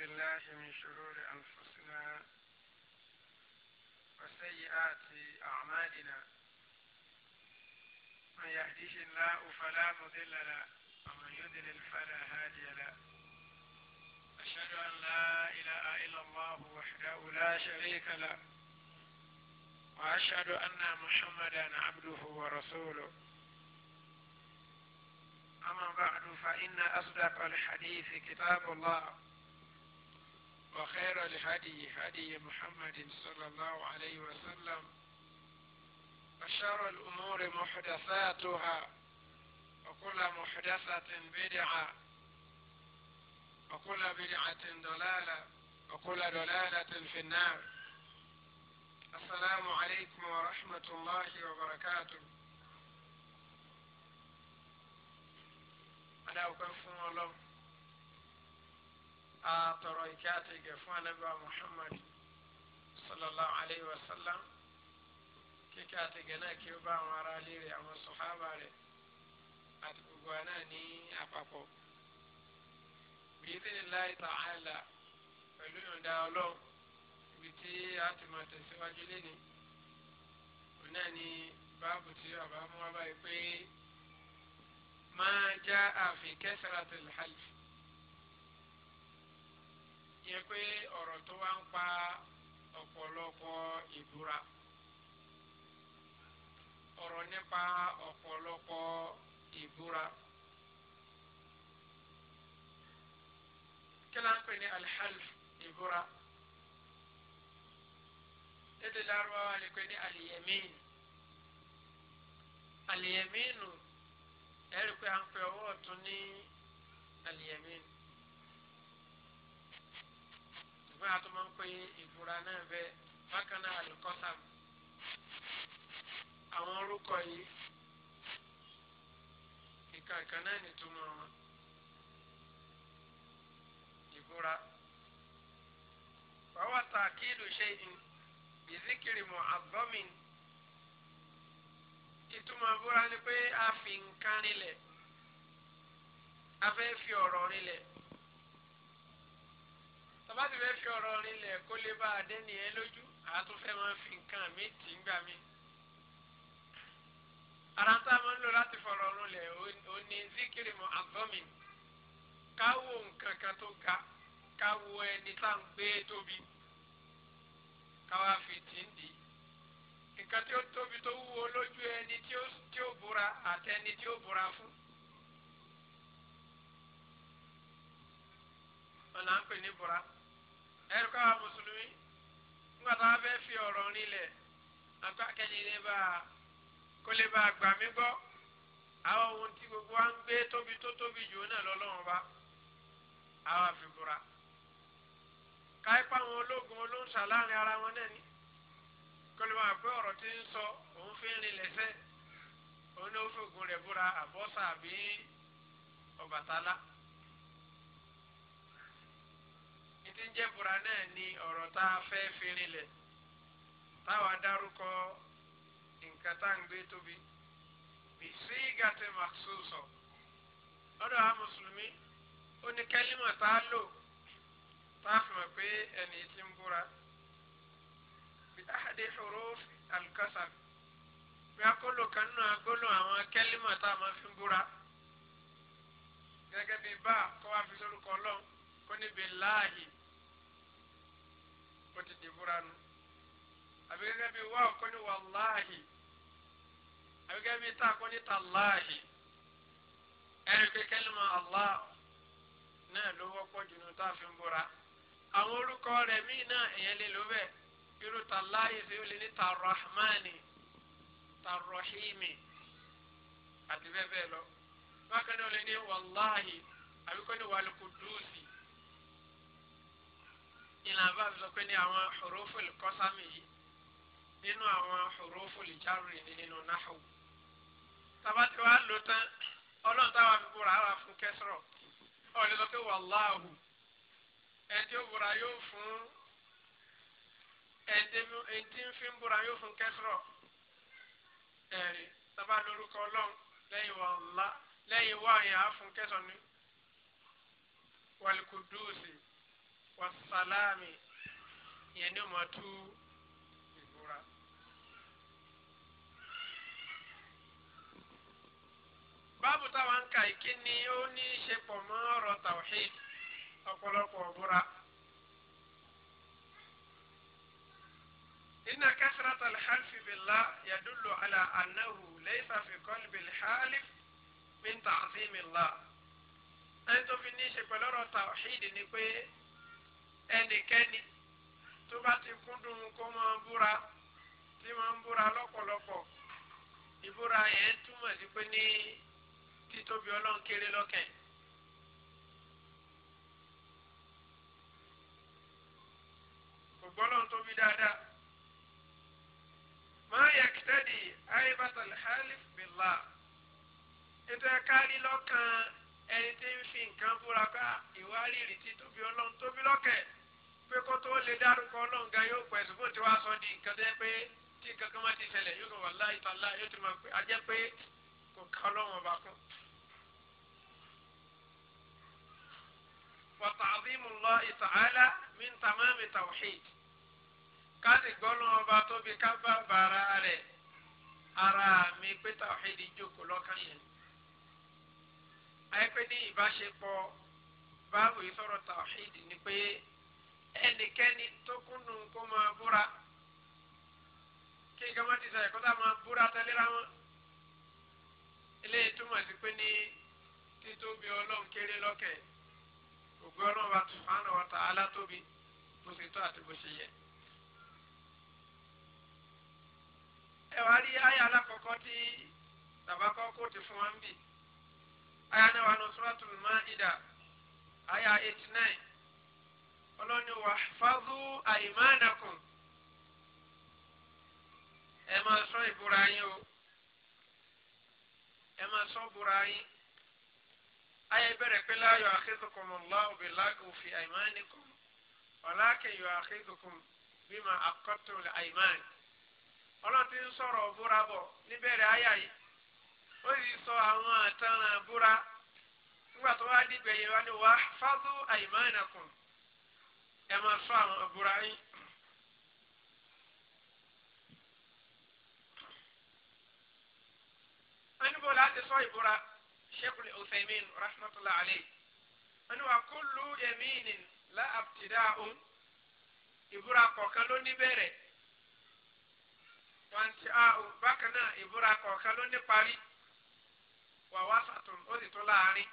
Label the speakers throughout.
Speaker 1: بالله من شرور أنفسنا وسيئات أعمالنا من يهديه الله فلا مضل له ومن يضلل فلا هادي له أشهد أن لا إله إلا الله وحده لا شريك له
Speaker 2: وأشهد أن
Speaker 1: محمدا عبده ورسوله أما بعد فإن أصدق الحديث كتاب الله وخير الهدي هدي محمد صلى الله عليه وسلم وشر الأمور محدثاتها وكل محدثة بدعة وكل بدعة ضلالة وكل ضلالة في النار السلام عليكم ورحمة الله وبركاته أنا أكفهم الله atọrọ ìkẹ́ àti ìgẹ̀ fún anábíwá Muhammad sallallahu alayhi wa sallam kíkẹ́ àti ìgẹ̀ náà kí ó bá àwọn ará ilé rẹ̀ àwọn sọ̀hábà rẹ̀ àti gbogbo wa náà ní àpapọ̀ bi'idhnillahi ta'ala pẹ̀lú ìyọ̀ǹda ọlọ́run ibi a ti máa tẹ̀síwájú lẹ́ni òun náà báàbù tí bàbá mú wá báyìí pé máa já àfi kasratul half yẹn pé ọ̀rọ̀ tó wá ń pa ọ̀pọ̀lọpọ̀ ìbúra ọ̀rọ̀ nípa ọ̀pọ̀lọpọ̀ ìbúra. kí ló ń pè ní alḥalf ìbúra lédè lárúbáwá lè pè ní alìyẹmín alìyẹmínù ẹ̀rí pé à ń pè ọwọ́ ọ̀tún ní alìyẹmínù ṣùgbọ́n a tún máa ń pè ìbúra náà bẹ́ẹ̀ bákan náà àlùkọ́sàm àwọn orúkọ yìí ìka ìkan náà nìtumọ̀ wọn ìbúra wàá tàkìlù ṣẹ́yìn bìzíkìrì mọ̀ àbọ́mìn ìtumọ̀ búra ni pé a fi nǹkan rinlẹ̀ a fẹ́ fi ọ̀rọ̀ rinlẹ̀ tọ́ba ti fẹ́ fi ọ̀rọ̀ rinlẹ̀ kó lè bá adé nìyẹn lójú àtún fẹ́ máa fi nǹkan mi tì ń gbà mí. ara tá a máa ń lò láti fọ̀rọ̀ rinlẹ̀ ó ní zikiri mọ́ abdomen ká wo nǹkan kan tó ga ká wo ẹni tá à ń gbé tóbi ká fi tì ń dì í. nǹkan tí ó tóbi tó wúwo lójú ẹni tí ó búra àtẹni tí ó búra fún. ọ̀nà ń pè ní ẹ̀rọ káwa mùsùlùmí nígbà tá a fẹ́ fi ọ̀rọ̀ rinlẹ̀ àtọ́ akẹ́yẹlẹ bá a kó lè bá a gbà mí gbọ́ àwọn ohun tí gbogbo wa ń gbé tóbi tó tóbi jù náà lọ́lọ́run bá àwọn àfibúra káyipá àwọn ológun olóńsà láàrin ara wọn náà ni kó lè máa pé ọ̀rọ̀ tí ń sọ òun fi ń rinlẹ̀ sẹ́ẹ̀ òun ló fògùn rẹ̀ búra àbọ́sà àbí ọ̀bàtálá. ìdí ń jẹ́ bùrà náà ni ọ̀rọ̀ tá a fẹ́ fi rinlẹ̀ táwa dárúkọ nǹkan tá à ń gbé tóbi bìsí gàtẹ màkṣúsọ lọ́dọ̀ àwọn mùsùlùmí ó ní kẹ́límọ̀ tá a lò tá a fi mọ̀ pé ẹni tí ń búra bí ahadi huruf alukasam bí akóló kan nínú agbóló àwọn kẹ́límọ̀ tá a máa fi ń búra gẹ́gẹ́ bí bá kọ́ wa fi sórúkọ ọlọ́run kó níbi láàyè ó ti dìbò ránu àbí gẹ́gẹ́ bí wà ọ̀kọ́ ní wàláhì àbí gẹ́gẹ́ bí tá a kọ́ ní tàláhì ẹ̀rí pé kẹ́lìmọ̀ Allah náà ló wọ́pọ̀ jù nù tá a fi ń búra àwọn orúkọ rẹ̀ míì náà èèyàn lè lò bẹ́ẹ̀ irú tàláhì sí ó ní tàràhmánì tàràhìmì àti bẹ́ẹ̀ bẹ́ẹ̀ lọ bákan náà ó ní wàláhì àbí ní wàlúkùdúùsì. ìlànà bá mi sọ pé ní àwọn huruful qasami yìí nínú àwọn huruful jarri ni nínú nahwu tabati wa lò tán ọlọ́run táwa fi búra ara fún kẹsìrọ̀ ọ̀lẹ́ sọ pé wàláhù ẹtí ó búra yóò fún ẹtí ń fi ń búra yóò fún kẹsìrọ̀ ẹ̀rí tábà lórúkọ ọlọ́run lẹ́yìn wàlá lẹ́yìn wáyà fún kẹsàn wasalami ìyẹn ní o máa tú ìbúra. báàbù táwọn kà kí ni ó ní í ṣe pọ̀ mọ́ ọ̀rọ̀ tawhid ọ̀pọ̀lọpọ̀ ọ̀búra. إن كثرة الحلف بالله يدل على أنه ليس في قلب الحالف من تعظيم الله. أنتم في النيشة بلورو توحيد نقول ẹnikẹ́ni tó bá ti kúndùn kó máa búra tí máa ń búra lọ́pọ̀lọpọ̀ ìbúra yẹn túmọ̀ sí pé ní títóbi ọlọ́run kéré lọ́kàn. kò gbọ́dọ̀ tóbi dáadáa. máa yẹ kìtẹ́dì ayébátàlì halif bìlá ètò ẹ̀ka rí lọ́kàn ẹni tí ń fi nǹkan búra ká ah, ìwárìrì títóbi ọlọ́run tóbi lọ́kàn pé kó tó lè dárúkọ ọlọ́run gan yóò pẹ̀ ṣùgbọ́n tí wàá sọ di nǹkan tó yẹ pé tí nǹkan kan má ti ṣẹlẹ̀ yóò wà láì tàlá yóò ti máa pé a pé kò ká ọlọ́run ọba kún. wa ta'zimu Allah ta'ala min tamami tawhid ká sì gbọ́nà ọba tóbi ká bá bàrà rẹ̀ ara mi pé tawhid jókòó lọ́kàn yẹn. àyẹ́pẹ́ ní ìbáṣepọ̀ báwo ìsọ̀rọ̀ tawhid ni pé ẹnikẹ́ni tó kúnnù kó máa búra kí nǹkan má ti sọ ẹ̀kọ́ tá a máa búra tẹ́lẹ́ra wọn. eléyìí túmọ̀ sí pé ní títóbi ọlọ́run kéré lọ́kẹ̀ ògbé ọlọ́run bá subhanahu wa ta'ala tóbi bó ṣe tó àti bó ṣe yẹ. ẹ wá rí àyà alákọ̀ọ́kọ́ tí tàbákọ́ kò ti fún wa ń bì àyà náà wà ní Suratul Ma'idah àyà eighty nine ọlọ́ni wahfazu aymanakum ẹ máa ṣọ́ ìbúra yín o ẹ máa ṣọ́ ìbúra yín
Speaker 2: ayé bẹ̀rẹ̀ pé la yu'akhidhukumullahu bil-laghwi fi aymanikum
Speaker 1: walakin yu'akhidhukum bima aqadtumul ayman ọlọ́run ti ń sọ̀rọ̀ búra bọ̀ níbẹ̀rẹ̀ ayà yìí ó sì sọ àwọn àtàràn búra nígbà tó wá dìgbẹ̀yẹ wá ní wahfazu aymanakum ẹ máa sọ àwọn ọ̀bùra yín. wọ́n níbo láti sọ ìbúra Sheikhul Uthaymin rahmatulah alayhi wọ́n ní wa kullu yaminin la abtida'un ìbúra kọ̀ọ̀kan ló ní bẹ̀rẹ̀ wọ́n ti a bákan náà ìbúra kọ̀ọ̀kan ló ní parí wà wá sàtún ó sì tó láàrin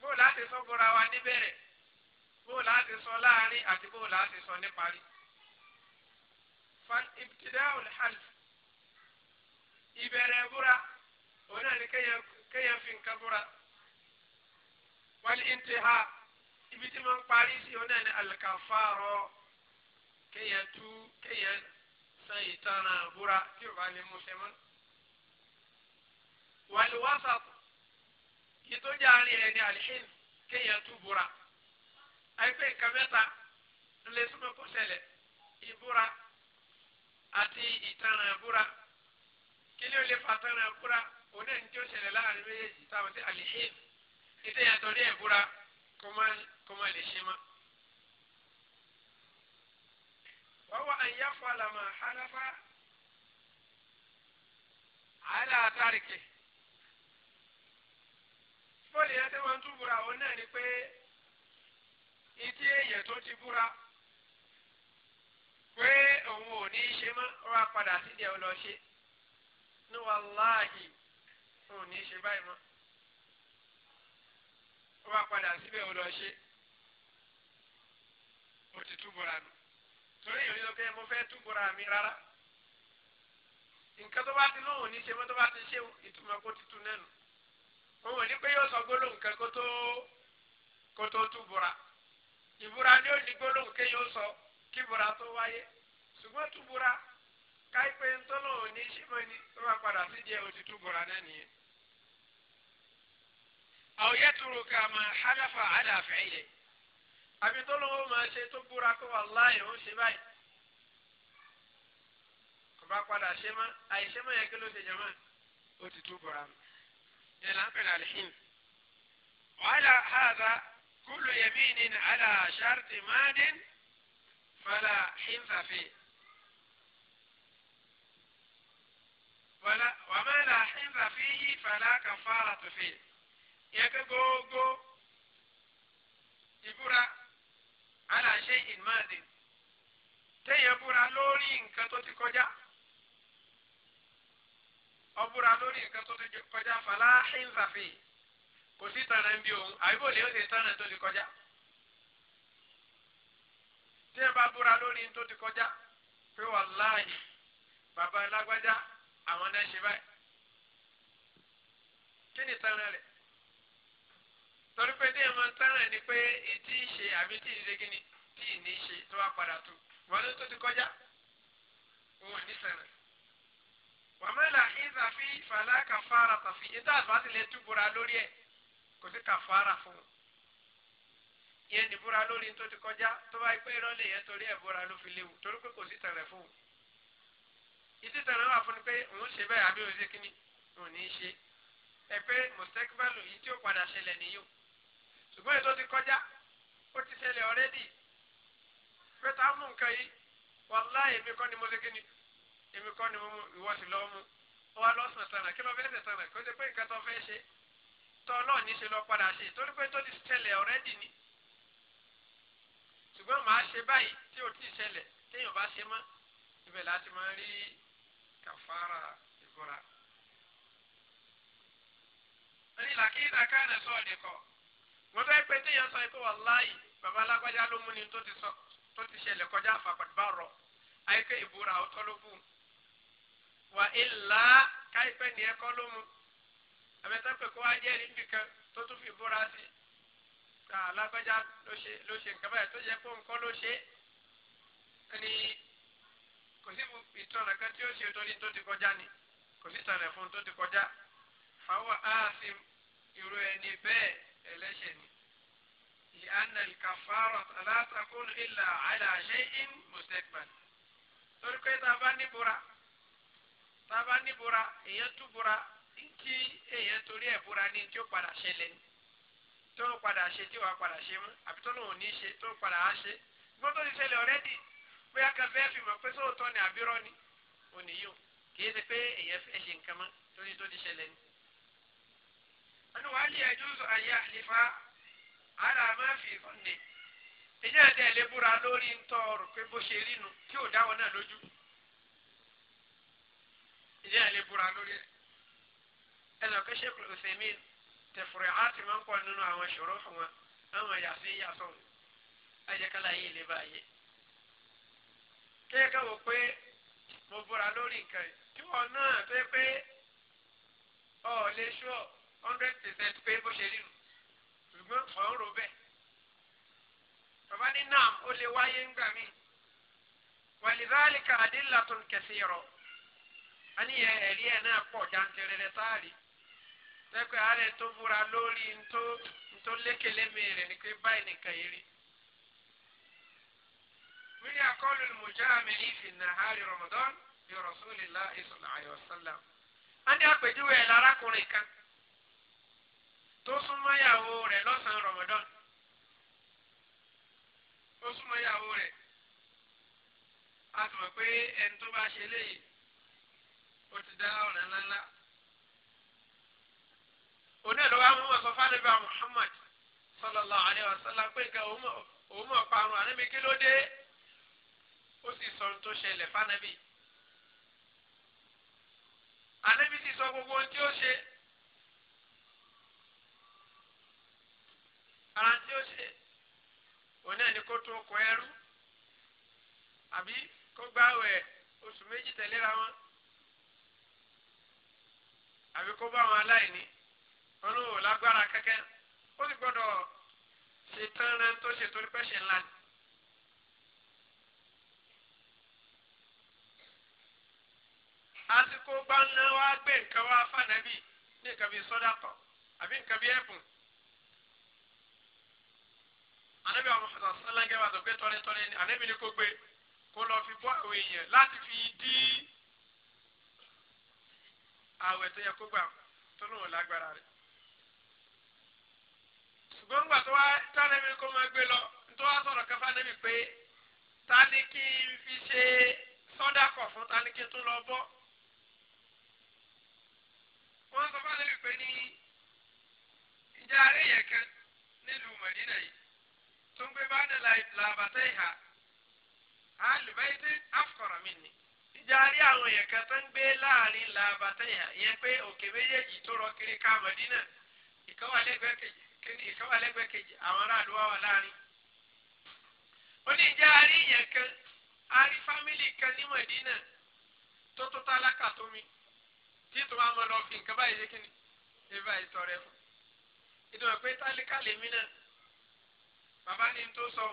Speaker 1: bó láti sọ búra wa níbẹ̀rẹ̀ bó láti sọ láàrin àti bó láti sọ níparí. fan ibtida'ul half ìbẹ̀rẹ̀ búra òun náà ni kéèyàn fi nǹkan búra wal intiha ibi tí wọ́n ń parí sí òun náà ni al-kafaro kéèyàn tú kéèyàn san ìtara búra tí ò bá lè mú sẹ́mọ́. wal wasat kí àárín rẹ̀ ní kéèyàn tú búra àyípẹ́ nǹkan mẹ́ta ńlẹ̀ súnmọ́ kó ṣẹlẹ̀ ìbúra àti ìtanràn ìbúra kí ni ó tanràn ìbúra òun náà tí ó ṣẹlẹ̀ láàrin méjèèjì táwọn sí àlìhìn ìdí yàtọ̀ ní ìbúra kó má lè ṣe mọ́. wọ́wọ́ àyà fọlọ́mọ halafa àlà àtàríkè. fọ́ọ̀lì yẹn tí wọ́n túbúra òun náà pé. etí èèyàn tó ti búra pé òun ò ní í ṣe mọ́ ó wá padà sídìí ẹ̀ lọ ṣe ní wàláhì òun ò ní í ṣe báyìí mọ́ ó wá padà lọ ṣe ó ti túbọ̀ra torí mo fẹ́ túbọ̀ra mi rárá nǹkan tó bá ti lóhùn ní ṣe mọ́ tó bá ti ṣe ìtumọ̀ kó ti tu nẹ́nu òun ò ní pé yóò sọ gbólóhùn kan kó tó kó ìbúra ni ó ní gbólóhùn kéèyàn ó sọ kí ìbúra tó wáyé ṣùgbọ́n túbúra káìpẹ́ ńtọ́lọ́hùn ní ṣímọ́ tó bá padà sí jẹ́ òtí túbúra náà nìyẹn.
Speaker 2: àwọn ká àdàfẹ́
Speaker 1: àbí máa ṣe tó búra kó wà láàyè ó ṣe báyìí. kò bá padà ṣe mọ́ àìṣe mọ́ kí ló ṣe túbúra wàhálà hàdà. كل يمين على شرط ماد فلا حنف فيه ولا وما لا حنف فيه فلا كفارة فيه يك جوجو يبرا على شيء ماد تيبرا لورين كتوتي كوجا أبرا لورين كتوتي كوجا فلا حنف فيه kò sí tànà ń bí òun àbíbò lè ó ṣe tànà tó ti kọjá tí ẹ bá búra lórí tó ti kọjá pé wàláhì bàbá alágbájá àwọn náà ṣe báyìí kí ni tànà rẹ̀ torí pé díẹ̀ máa ń tànà ni pé ìtì í ṣe àbí tí ìdílé kí ni tí ì ní í ṣe tó wá padà tó wọn ló tó ti kọjá òun ò ní sẹ̀rẹ̀ wàmẹ́là ìzàfi fàlà kàfàrà tàfi ìtàn àbátìlẹ̀ túbúra lórí ẹ̀ kò sí kàfàrà fún un
Speaker 2: yẹn ní búra lórí tó
Speaker 1: ti kọjá tó bá pẹ́ irọ́ lè yẹn torí ẹ̀ búra ló fi léwu torí pé kò sí tẹ̀rẹ̀ fún un ìdí tẹ̀rẹ̀ wà fún ni pé òun ṣe bẹ́ẹ̀ àbí òun ṣe kíni òun ní í ṣe ẹ pé mọ̀sẹ́kíbálù yìí tí ó padà ṣẹlẹ̀ nìyó ṣùgbọ́n ètò ti kọjá ó ti ṣẹlẹ̀ ọ̀rẹ́dì pé mú nǹkan yìí wàláhì èmi kọ́ ni mo ṣe kíni èmi kọ́ ni mo mú ìwọ́sí lọ́ọ́ mú ó wá lọ́sàn-án tànà kí lọ́ fẹ́ẹ́ tẹ̀ tànà kó ṣe pé nǹkan tó fẹ́ ṣe tọ́lọ́ ní ṣe lọ padà ṣe torí pé tó ti ṣẹlẹ̀ ọ̀rẹ́dì ni ṣùgbọ́n màá ṣe báyìí tí ò tí ì ṣẹlẹ̀ téèyàn bá ṣe mọ́ ibẹ̀ láti máa rí kàfàrà ìbúra. ẹni làkìlá káàdà sọ ọ̀dẹ̀ kọ̀ wọ́n fẹ́ pé téèyàn sọ pé wàláyì bàbá alágbájá ló mú ni tó ti ṣẹlẹ̀ kọjá àfàkọ̀dùbá rọ̀ àyíké ìbúra ọ̀tọ́ ló bù wà ilà káyipẹ́ ni ẹ̀kọ́ ló mú àbẹ̀tẹ́pẹ̀ kó wá jẹ́ níbi kan tó tún fi búra sí ká alágbájá ló ṣe ló ṣe nǹkan báyìí tó jẹ́ pé nǹkan ló ṣe ni kò sí ìtọ́nà kan tí ó ṣe torí tó ti kọjá ni kò sí ìtọ́nà fún tó ti kọjá fáwọn aasi irú ẹni bẹ́ẹ̀ ẹlẹ́ṣẹ̀ ni ìhànà ìkàfàrà alátakùn ìlà àìláṣẹ in mustaqbal torí pé tá a bá níbura tá a bá níbura èèyàn túbura tí èèyàn torí ẹ̀ búra ní tí ó padà ṣẹlẹ̀ tó ń padà ṣe tí wàá padà ṣe mú àbí tó lóun ní ṣe tó ń padà á ṣe gbọ́n tó ti ṣẹlẹ̀ ọ̀rẹ́dì bóyá kan fẹ́ fi mọ̀ pé sóòótọ́ ni àbírọ́ ni òní yóò kì í ṣe pé èèyàn fẹ́ ṣe nǹkan mọ́ torí tó ti ṣẹlẹ̀ ni. wọn wá lé ẹjọ́ sọ ayé àlefa ara máa fi ọ̀nẹ̀ èèyàn dẹ̀ lè búra lórí ń tọ́ ọ̀rọ̀ pé bó ṣe rí nu tí ò dáwọ́ náà lójú èèyàn lè lórí ẹ̀ ẹnì ọ̀kẹ́ ṣe kúrò sèmi tẹ̀fùrẹ̀ àti máa ń pọ̀ nínú àwọn ìṣòro fún wọn àwọn yàtí yàtọ̀ ayẹkẹ́lá yìí lè báyé. kéèké wò pé mo bọ́ra lórí nǹkan tí wọn náà tó yẹ pé ọ lè ṣọ́ hundred percent pé bó ṣe rí ṣùgbọ́n ọ̀ ń bẹ́ẹ̀. bàbá ní náà ó lè wáyé ńgbà mí wàlìbáàlì kàdínlá tó ń kẹsí rọ. ẹ̀rí ẹ̀ náà pọ̀ jáǹtẹ̀rẹ̀rẹ̀ táàrí lẹ́pẹ́ àárẹ̀ tó búra lórí ntó ntó lékelémi rẹ̀ ni pé báyìí nìkan yìí rí. من يقول المجامع في النهار رمضان برسول الله صلى الله عليه وسلم a ní àpèjúwe ẹ̀ lárákùnrin kan tó súnmọ́ rẹ̀ lọ́sàn-án Ramadan ó súnmọ́ rẹ̀ a sì mọ̀ pé ẹni tó bá ṣe léyìí ó ti dá ọ̀ràn ńláńlá òní ẹ̀ lọ́wọ́ amú ọ̀sán fánibà Muhammad
Speaker 2: sallallahu alaihi wasallam pé
Speaker 1: nǹkan òun mọ̀ parun ànábi kí ló dé ó sì sọ ohun tó ṣẹlẹ̀ fánábì ànábi sì sọ gbogbo ohun tí ó ṣe ara tí ó ṣe òní ẹ̀ kó tó kọ ẹrú àbí kó gbáwẹ̀ oṣù méjì tẹ̀léra wọn àbí kó bá wọn aláìní olówó lágbára kẹ́kẹ́ ó sì gbọ́dọ̀
Speaker 2: ṣe tán rẹ tó ṣe torí pẹ́ṣẹ̀ ńlá
Speaker 1: ni. àsìkò bá ń ná wá gbé nǹkan wá fànàbì ní nǹkan bíi sọ́dàpọ̀ àbí nǹkan bíi ẹ̀bùn. ànábì àwọn ọmọ sọlẹ́gẹ́ wa sọ pé tọ́lẹ́tọ́lẹ́ ni ànábì ni kò gbé kó lọ fi bọ́ àwọn èèyàn láti fi dí àwẹ̀ tó yẹ kó gbà tó lóun lágbára rẹ̀ ṣùgbọ́n nígbà tó wá tánẹ́bí kó máa gbé lọ tó wá sọ̀rọ̀ kẹfà níbi pé ta ni kí n fi ṣe sọ́dàkọ̀ fún ta ni kí n tún lọ bọ́. wọ́n sọ fún níbi pé ní ìjà àárẹ̀ yẹn kan nílùú mọ̀dínà yìí tó ń gbé bá dé làbàtà ìhà àlùbáyé àfọ̀rọ̀ mi ni ìjà àárẹ̀ àwọn yẹn kan tó ń gbé láàrin làbàtà ìhà yẹn pé òkè méjèèjì tó rọ kiri ká mọ̀dínà ìkọ́wà ìkọ́wà lẹ́gbẹ̀ẹ́ kejì àwọn aráàlú wà wà láàrin. ó ní ìjà àárí ìyẹn kan àárí fámìlì kan ní Mẹ̀dínà tó tó tálákà tó mi tí tó máa mọ lọ fi nǹkan báyìí ṣe kíni ebi àyè tọrẹ fún. ìdùnnà pé tálákà lèmi náà bàbá ni tó sọ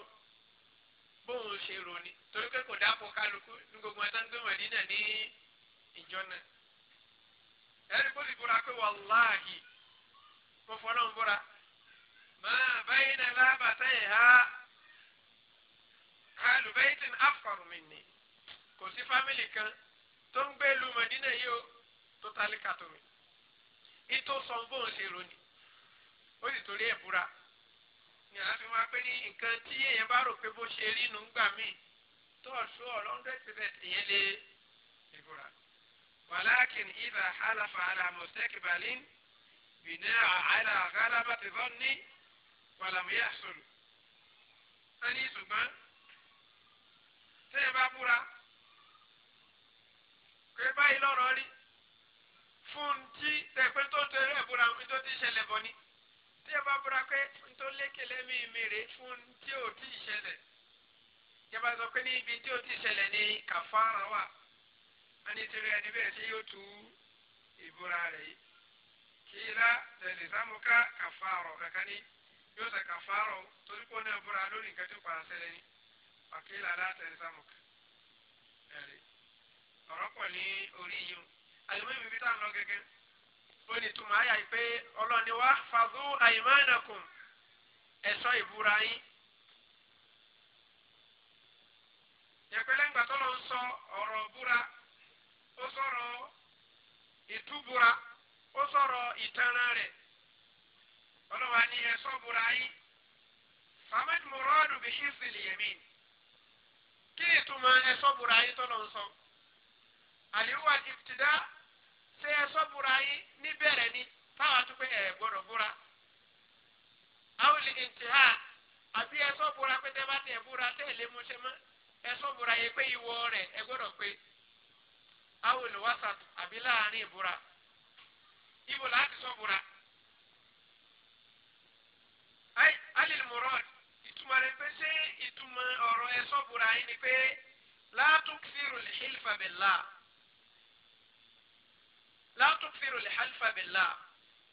Speaker 1: bóun ṣe ròní torí pé kò dápọ̀ kálukú ní gbogbo ẹ̀dá ń gbé Mẹ̀dínà ní ìjọ náà. ẹ̀rí bó ti búra pé wàláhì mo fọ́ náà ń búra.
Speaker 2: ما بين لابتيها
Speaker 1: أهل بيت أفقر مني kò sí fámìlì kan tó ń يو lu Mẹdínà yìí ó tó tálíkà tó mi ìtò sọ̀nbọ̀n ṣe roni ó sì torí ẹ̀ búra ní àáfin wa pé ní nǹkan tí èèyàn bá rò pé bó ṣe rí nu ń gbà mí tó ọ̀ṣù ọ̀rọ̀ hundred ìyẹn lé ìbúra wàlákin ìdá halafa alamọ̀sẹ́kìbalín bìnnẹ́ àlàgálàbàtìfọ́n ní
Speaker 2: wàlàmúyà sọ̀rọ̀
Speaker 1: ẹni ṣùgbọ́n tẹ́yẹ̀ bá búra pé báyìí lọ́rọ̀ rí fún tí tẹ̀pẹ́ tó ń torí ẹ̀ búra mi tó ti ṣẹlẹ̀ bọ̀ ni tẹ́yẹ̀ bá búra pé n tó lékè lẹ́mí mi rè fún tí ò tí ṣẹlẹ̀ ìjọba sọ pé ní ibi tí ò tí ṣẹlẹ̀ ní kàfárà wà ẹni tẹ̀lé ẹni bẹ́ẹ̀ ṣe yóò tú ìbúra rẹ̀ yìí kí ilá tẹ̀lé sámúká kàfárà kankan ní yóò ṣe kàfàrà o torí kó náà búra lórí nǹkan tó padà ṣẹlẹ̀ ní wàkílà látẹ̀rí sàmùkà ẹ̀rí ọ̀rọ̀ pọ̀ ní orí yìí o àyùmọ́ ìbí tá à ń lọ gẹ́gẹ́ ó ní tùmọ̀ ayà yìí pé ọlọ́ni wá fàdú àyùmánàkùn ẹ̀ṣọ́ ìbúra yín. yẹpẹlẹ ń gbà tó lọ ń sọ ọ̀rọ̀ búra ó sọ̀rọ̀ ìtúbúra ó sọ̀rọ̀ ìtanràn rẹ̀ ọlọ́wà ni ẹ sọ búra yín faman muradu bi hifzil yamin kí ìtumọ̀ ẹ sọ búra yín tọ́lọ̀ ń sọ àlìwà ìfìdá ṣe ẹ sọ yín níbẹ̀rẹ̀ ni táwọn tó pé ẹ gbọ́dọ̀ búra àwọn lè ń ti ha àbí ẹ sọ búra pé tẹ́ bá tẹ̀ búra tẹ́ lé mu ṣe mọ́ ẹ sọ búra yín pé ìwọ rẹ̀ ẹ gbọ́dọ̀ pé àwọn olùwàsàt àbí láàrin ìbúra ibo láti sọ alil murad ìtumọ̀ rẹ̀ pé ṣé ìtumọ̀ ọ̀rọ̀ ẹ sọ́bùra yín ni pé látúkfìrù lè hilfa billah látúkfìrù lè hilfa billah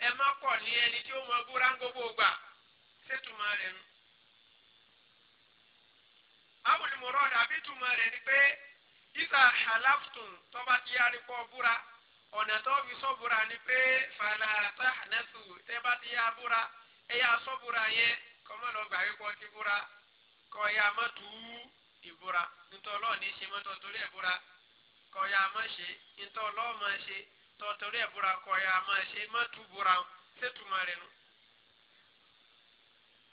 Speaker 1: ẹ má pọ̀ ní ẹni tí ó mọ búra gbogbo gbà ṣètumọ̀ rẹ̀ nù. abul murad àbí ìtumọ̀ rẹ̀ ni pé ìgbà halaftun tọ́ba ti yára pọ̀ búra ọ̀nà tó fi sọ́bùra ni pé fàlàtà nẹ́sù tẹ́ bá ti yá búra ẹ̀yà sọ́bùra yẹn kọ́mọ́nà ọgbà wípọ̀ ti búra kọ́ ya má tù ú ìbúra nítorí ọlọ́ọ̀ ní í ṣe mọ́tò torí ẹ̀ búra kọ́ ya má ṣe nítorí ọlọ́ọ̀ má ṣe tọ́tọ́rí ẹ̀ búra kọ́ ya má ṣe má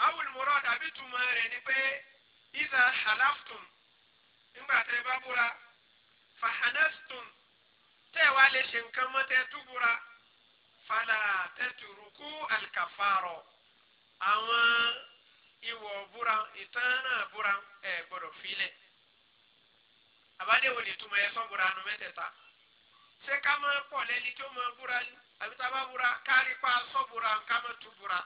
Speaker 1: awul murad àbí tùmọ̀ rẹ̀ ni pé iza halaftum nígbà tẹ́ bá búra fahanastum tẹ́ wàá lè ṣe nǹkan mọ́tẹ́ tù búra fala tẹ́tùrùkú alkafaro. àwọn ìwọ̀ búra ìtàn náà búra ẹ̀ gbọ́dọ̀ filẹ̀ àbádéwò lè túmọ̀ ẹ sọ́bùra nu mẹ́tẹ̀ẹ̀ta ṣé ká máa pọ̀ lẹ́ni tó máa búra ni àbí tá a bá búra kárí pa sọ́bùra ká máa tú búra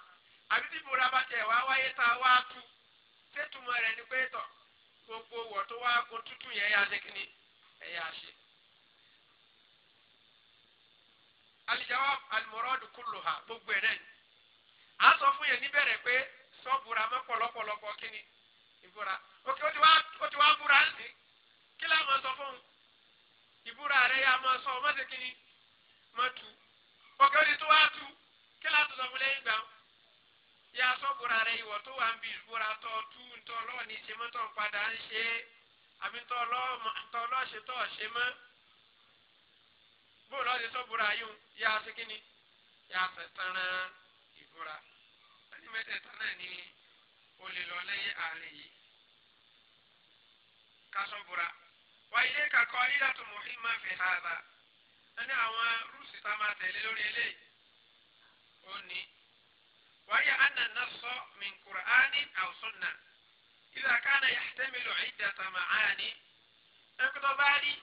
Speaker 1: àbí tí búra bá tẹ̀ wá wáyé tá a wá tú ṣé túmọ̀ rẹ̀ ni pé tọ̀ gbogbo wọ̀ tó wá gun tútù yẹn yá ni kíni ẹ̀ yá ṣe. alijawab alimọ̀rọ́dù kúlù ha gbogbo ẹ̀ náà à ń sọ fún yẹn níbẹ̀rẹ̀ pé sọ́bùra mọ́ pọ̀lọ́pọ̀lọpọ̀ kí ni ìbúra òkè ó ti wá ó ti wá búra ń sìn kí láà máa sọ fún un ìbúra rẹ̀ yà máa sọ ọmọdé kí ni máa tu òkè ó ti tó wá tu kí láà tó sọ fún lẹ́yìn gbà ń yà sọ́bùra rẹ̀ ìwọ̀ tó wà ń bi ìbúra tọ́ tú ntọ́ lọ́ọ̀ni ṣe mọ́tọ́ padà ń ṣe àbí ntọ́ lọ́ọ̀ṣe tọ́ ṣe mọ́ bóòlù ọ̀ búra wọ́n ní mẹ́tẹ̀ẹ̀ta náà ni o lè lọ lẹ́yìn ààrẹ yìí kásán búra
Speaker 2: wà ilé kakọ lílà tó mọ̀ ìmọ̀ fi hà
Speaker 1: bá wọ́n ní àwọn rúùsì tá a máa tẹ̀lé lórí eléyìí ó ní wáyé àná nasọ min kùránì aw sunna ìlà kánà yahtamilu iddata ma'ani ẹ̀kútọ́ bá rí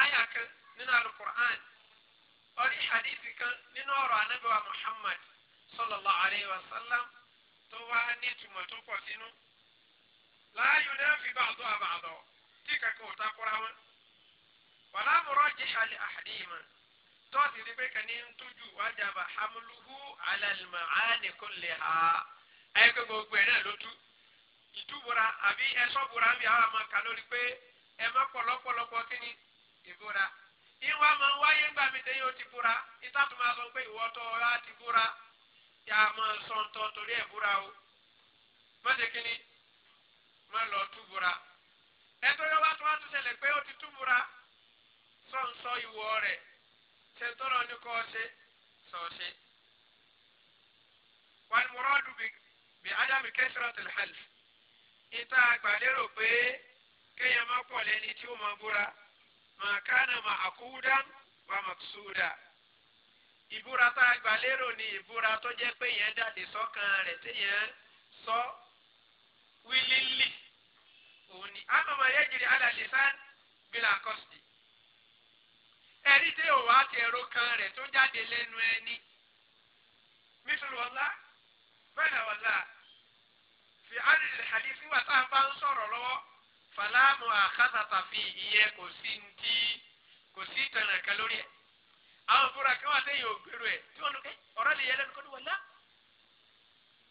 Speaker 1: àyà kan nínú alukur'an ó rí hadith kan nínú ọ̀rọ̀ anábẹ́wà Muhammad sallallahu alayhi wa sallam tó wá ní ìtumọ̀ tó pọ̀ sínú láàyò náà fi bàdọ́ àbàdọ́ tí kankan ò takora wọn wàlá mọ̀rọ̀ jẹ́ àlẹ́ àhàdéhìmọ̀ tọ́sí ni pé kàní ń tójú wájàbà hamluhu alàlùmọ̀ àánì kò lè ha ayé pé gbogbo ẹ̀ náà ló tú ìtúbura àbí ẹ̀sọ́bura ń bí àwọn ọmọ kan lórí pé ẹ má pọ̀lọ́pọ̀lọpọ̀ kí ni ìbúra ìwà máa ń wáyé gbàmídé yóò ti búra ìtàtúmọ̀ àsọ pé ìwọ́tọ̀ ọ̀rá ti búra yà á máa sọ ń tọ́ torí ẹ̀ búra o má ṣe kí ni má lọ túbúra ẹ tó yọ wá tó wá tó ṣẹlẹ̀ pé ó ti túbúra sọ ń sọ ìwọ rẹ̀ ṣe tó lọ ní kọ́ ṣe sọ ṣe. wal muradu bi adami kasratil half ìta àgbàlérò pé kéèyàn má pọ̀ lẹ́ni tí ó máa búra màkánà màkúdà wà màkúsúdà. Ma ìbúra tá a gbà lérò ni ìbúra tó jẹ́ pé yẹn jáde sọ́kàn rẹ̀ téèyàn sọ wílílì òun ni amọ̀mọ̀ yẹn jìrì alàlẹ́ sá bílà kọ́sìtì ẹ̀rí tí ò wá ti ẹ̀rọ kan rẹ̀ tó jáde lẹ́nu ẹni mísùlù ọ̀la bẹ́ẹ̀ ọ̀la fi àdìsí àdìsí wà tá a bá ń sọ̀rọ̀ lọ́wọ́ fàlámù àkàtàtà fi ìyẹn kò sí ti kò sí tẹ̀rẹ̀ kan lórí ẹ̀ àwọn fúnra kí wọ́n àtẹ̀yìn ògbèrò ẹ̀ tí wọ́n lókè ọ̀rọ̀ lè yẹ lẹ́nu kọ́ni wọ̀lá.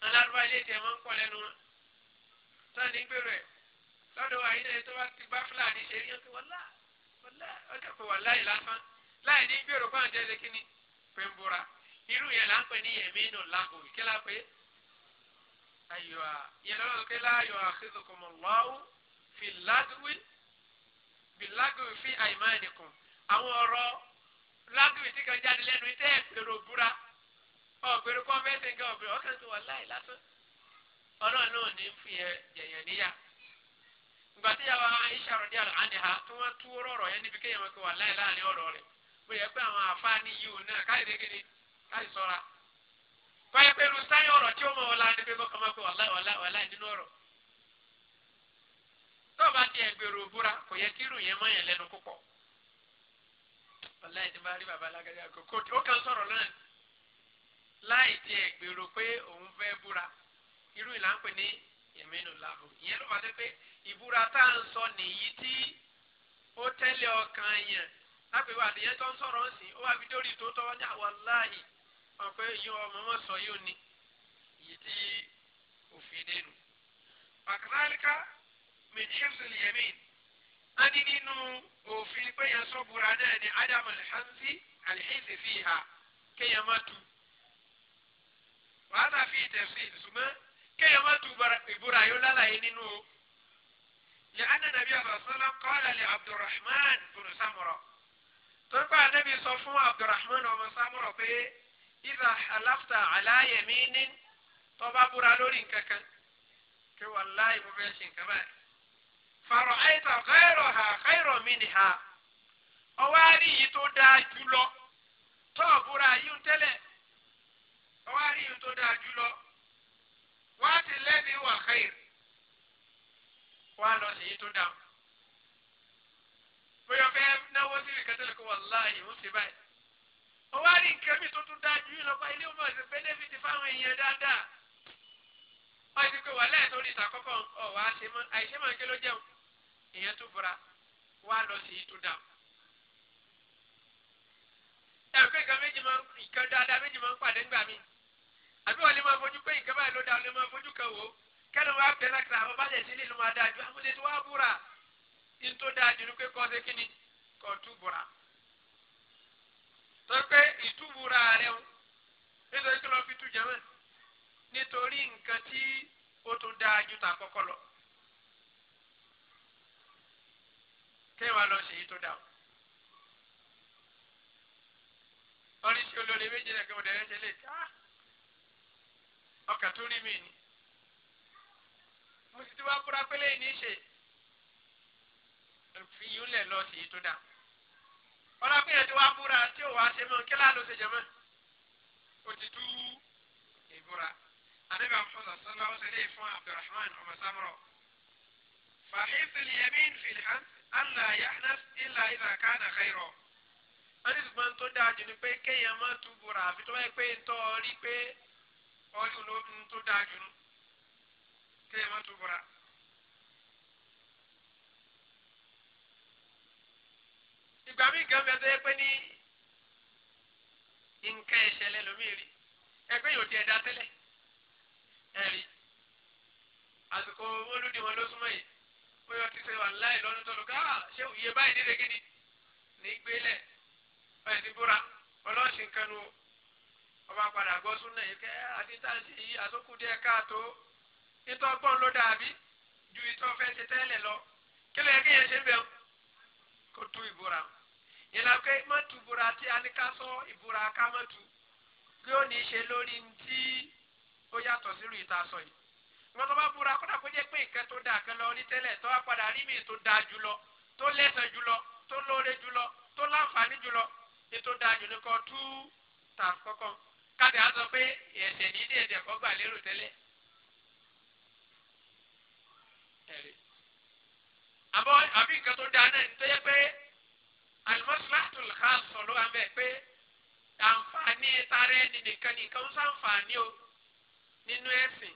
Speaker 1: alárúbá ilé tiẹ̀ máa ń pọ̀ lẹ́nu wọn sani gbèrò ẹ̀ lọ́dọ̀ wa yìí tó bá ti bá fúlàní ṣe rí ọkẹ́ wọ̀lá wọ̀lá ọjọ́ pé wọ̀lá yìí lásán láì ní gbèrò fún àjẹ́ lé kíní pé ń bora irú yẹn là ń pè ní yẹmí nù láàbò kí lá pé ayọ̀ yẹn lọ́dọ̀ kí láyọ̀ àkẹ́sọ̀kọ̀mọ̀lọ́wọ́ fi ládùúwì
Speaker 2: bí ládùúwì fi àìmáyẹnìkan
Speaker 1: àwọn ọ̀rọ̀ lágùn tí kan jáde lẹ́nu iṣẹ́ ìgbèrò búra ọ̀gbèrò kọ́mẹ́sì nǹkan ọ̀gbèrò ọ̀kẹ́ tó wà láì lásán ọlọ́run náà ní fi yẹ̀yẹ̀ níyà ìgbà tí yàrá Aisha rọ̀dí àníhà tí wọ́n tú rọ̀rọ̀ yẹn níbi kéèyàn kó wà láì láàrin ọ̀rọ̀ rẹ̀ bó yẹ pé àwọn àfáàní yìí ò náà káyì dégédé káyì sọ́ra báyẹ pé irú sáyẹ ọ̀rọ̀ tí ó mọ̀ ọ̀la ni pé kọ́kọ́ máa pé wàláì wàláì wàláì nínú ọ̀rọ̀ tó o bá tiẹ̀ gbèrò òbúra kò yẹ kí irú yẹn mọ̀ yẹn lẹ́nu púpọ̀ wàláyé ti máa rí bàbá alágbájá kò ó kàn sọ̀rọ̀ náà láì tí ẹ gbèrò pé òun fẹ́ búra irú ìlà ń pè ní yẹmínú làbò ìyẹn ló máa dé pé ìbúra tá à ń sọ nìyí tí ó tẹ́lẹ̀ ọkàn yẹn lápẹ̀ wà nìyẹn tó ń sọ̀rọ̀ ń sìn ó wà fi dórí tó tọ́ ní wàláyé wọn pé yín ọmọ wọn sọ yóò ní èyí tí òfin dénú. bàkàlálíkà min hifzil yamin a ní nínú òfin péyàn sọ́bùra náà ni adam alhansi alhansi fi hà kéèyàn má tu wàhálà fi tẹ̀sí ṣùgbọ́n kéèyàn má tu ìbúra yóò lálàyé nínú o. لأن النبي صلى الله عليه وسلم قال لعبد الرحمن بن سمرة تبقى النبي صفو عبد الرحمن ومن سمرة بي إذا حلفت على يمين طبعا برالولين ككا كي والله مباشين كمان fàrọ̀ àìsàn káìrọ̀ hà káìrọ̀ mi nì hà ọwọ́ àárí yìí tó dáa jù lọ tó ọ̀bùra yìí ń tẹ́lẹ̀ ọwọ́ àárí yìí tó dáa jù lọ wá ti lẹ́ni wà káìrì wá lọ sí yìí tó dáa bóyá fẹ́ náwó sí ìkẹtẹ́lẹ̀ kó wà láàyè ó sì báyìí ọwọ́ àárí nǹkan mi tó tún dáa jù yìí lọ́pàá ilé ọmọ ìsìn bẹ́nẹ́fìtì fáwọn èèyàn dáadáa wọ́n ti pé wàhálà ẹ̀ tó rí ìtàkọ́kọ́ ọ̀ wá ṣe mọ́ àìṣe mọ́ kí ló jẹun ìyẹn tó bora wá lọ sí tó dà ẹ pé nǹkan méjì máa ń nǹkan dáadáa méjì máa ń pàdé ńgbà mi àbí wọn lè máa fojú pé nǹkan báyìí ló dáa lè máa fojú kan wò ó kẹ́ni wọ́n á bẹ̀ lákìlá àwọn bá tẹ̀sí nílùú máa dáa ju àwọn tẹ̀sí wọ́n á búra ní tó dáa jù ní pé kọ́ ṣe kíni kọ́ tú búra tó pé ìtúbúra rẹ̀ ń nítorí kí lọ́ọ́ fi tú jẹ́mọ̀ nítorí nǹkan tí ó tún dáa ju tàkọ́kọ́ lọ. kéwàá lọ ṣèyí tó dáa oríṣi olórí méjì náà kí mo dẹ̀rẹ́ ṣe lè ah! ká ọkà tó rí mi ni mo sì ti wá kúra pélé ní í ṣe fi yín lẹ̀ lọ ṣèyí tó dáa ọlọ́pìnrin tí wàá búra tí ò wá ṣe mọ́ kí láà ló ṣe jẹ mọ́ ó ìbúra àdébà fọlọ sọlá ó ṣe lè fún Abdulrahman ọmọ sámúrọ. فحفظ اليمين في الحمد أن لا يحنث إلا إذا كان خيرا wọ́n ti gbọ́n tó dáa jù ní pé kéèyàn má tu bùrà àfi tó wáyé pé ntọ́ rí pé ọrí olómi tó dáa jù nù kéèyàn má tu bùrà. ìgbà míì gan bẹ́ẹ̀ tó yẹ pé ní nǹkan ìṣẹ̀lẹ̀ lómi rí ẹgbẹ́ yóò di ẹ̀dá tẹ́lẹ̀ ẹ̀rí àsìkò olùdíwọ̀n ló súnmọ́ yìí bóyá ti ṣe wà láì lọ́dún tó lọ ká ṣé òye báyìí nílé gidi ní gbélẹ̀ báyìí ti búra ọlọ́ọ̀ṣin kanu ọba padà gbọ́ sún náà yìí kẹ́ àdìtàǹṣe yìí àtúkù díẹ̀ káàtó ìtọ́ gbọ́n ló dàbí ju ìtọ́ fẹ́ ṣe tẹ́lẹ̀ lọ kí ló yẹ kí yẹn ṣe bẹ́ẹ̀ kó tú ìbúra yẹn la pé má tu ìbúra tí a ní ká sọ ìbúra ká má tu kí ó ní í ṣe lórí ntí ó yàtọ̀ sírù ìta sọ yìí ṣùgbọ́n tó bá búra kódà kó jẹ́ pé nǹkan tó dáa kan lọ ní tẹ́lẹ̀ tó wá padà rí mi tó dáa jùlọ tó lẹ́sẹ̀ jùlọ tó lóore jùlọ tó láǹfààní jùlọ ní tó dáa jùlọ kọ́ tú tà kọ́kọ́ káde á sọ pé ẹ̀sẹ̀ ní ní ẹ̀sẹ̀ kọ́ gbà lérò tẹ́lẹ̀. àbọ̀ àbí nǹkan tó dáa náà ní tó yẹ pé alimọ́sílátùl ká sọ̀rọ̀ àmì ẹ̀ pé àǹfààní tààrẹ́ nìkan nìkan ń sàǹfààní o nínú ẹ̀sìn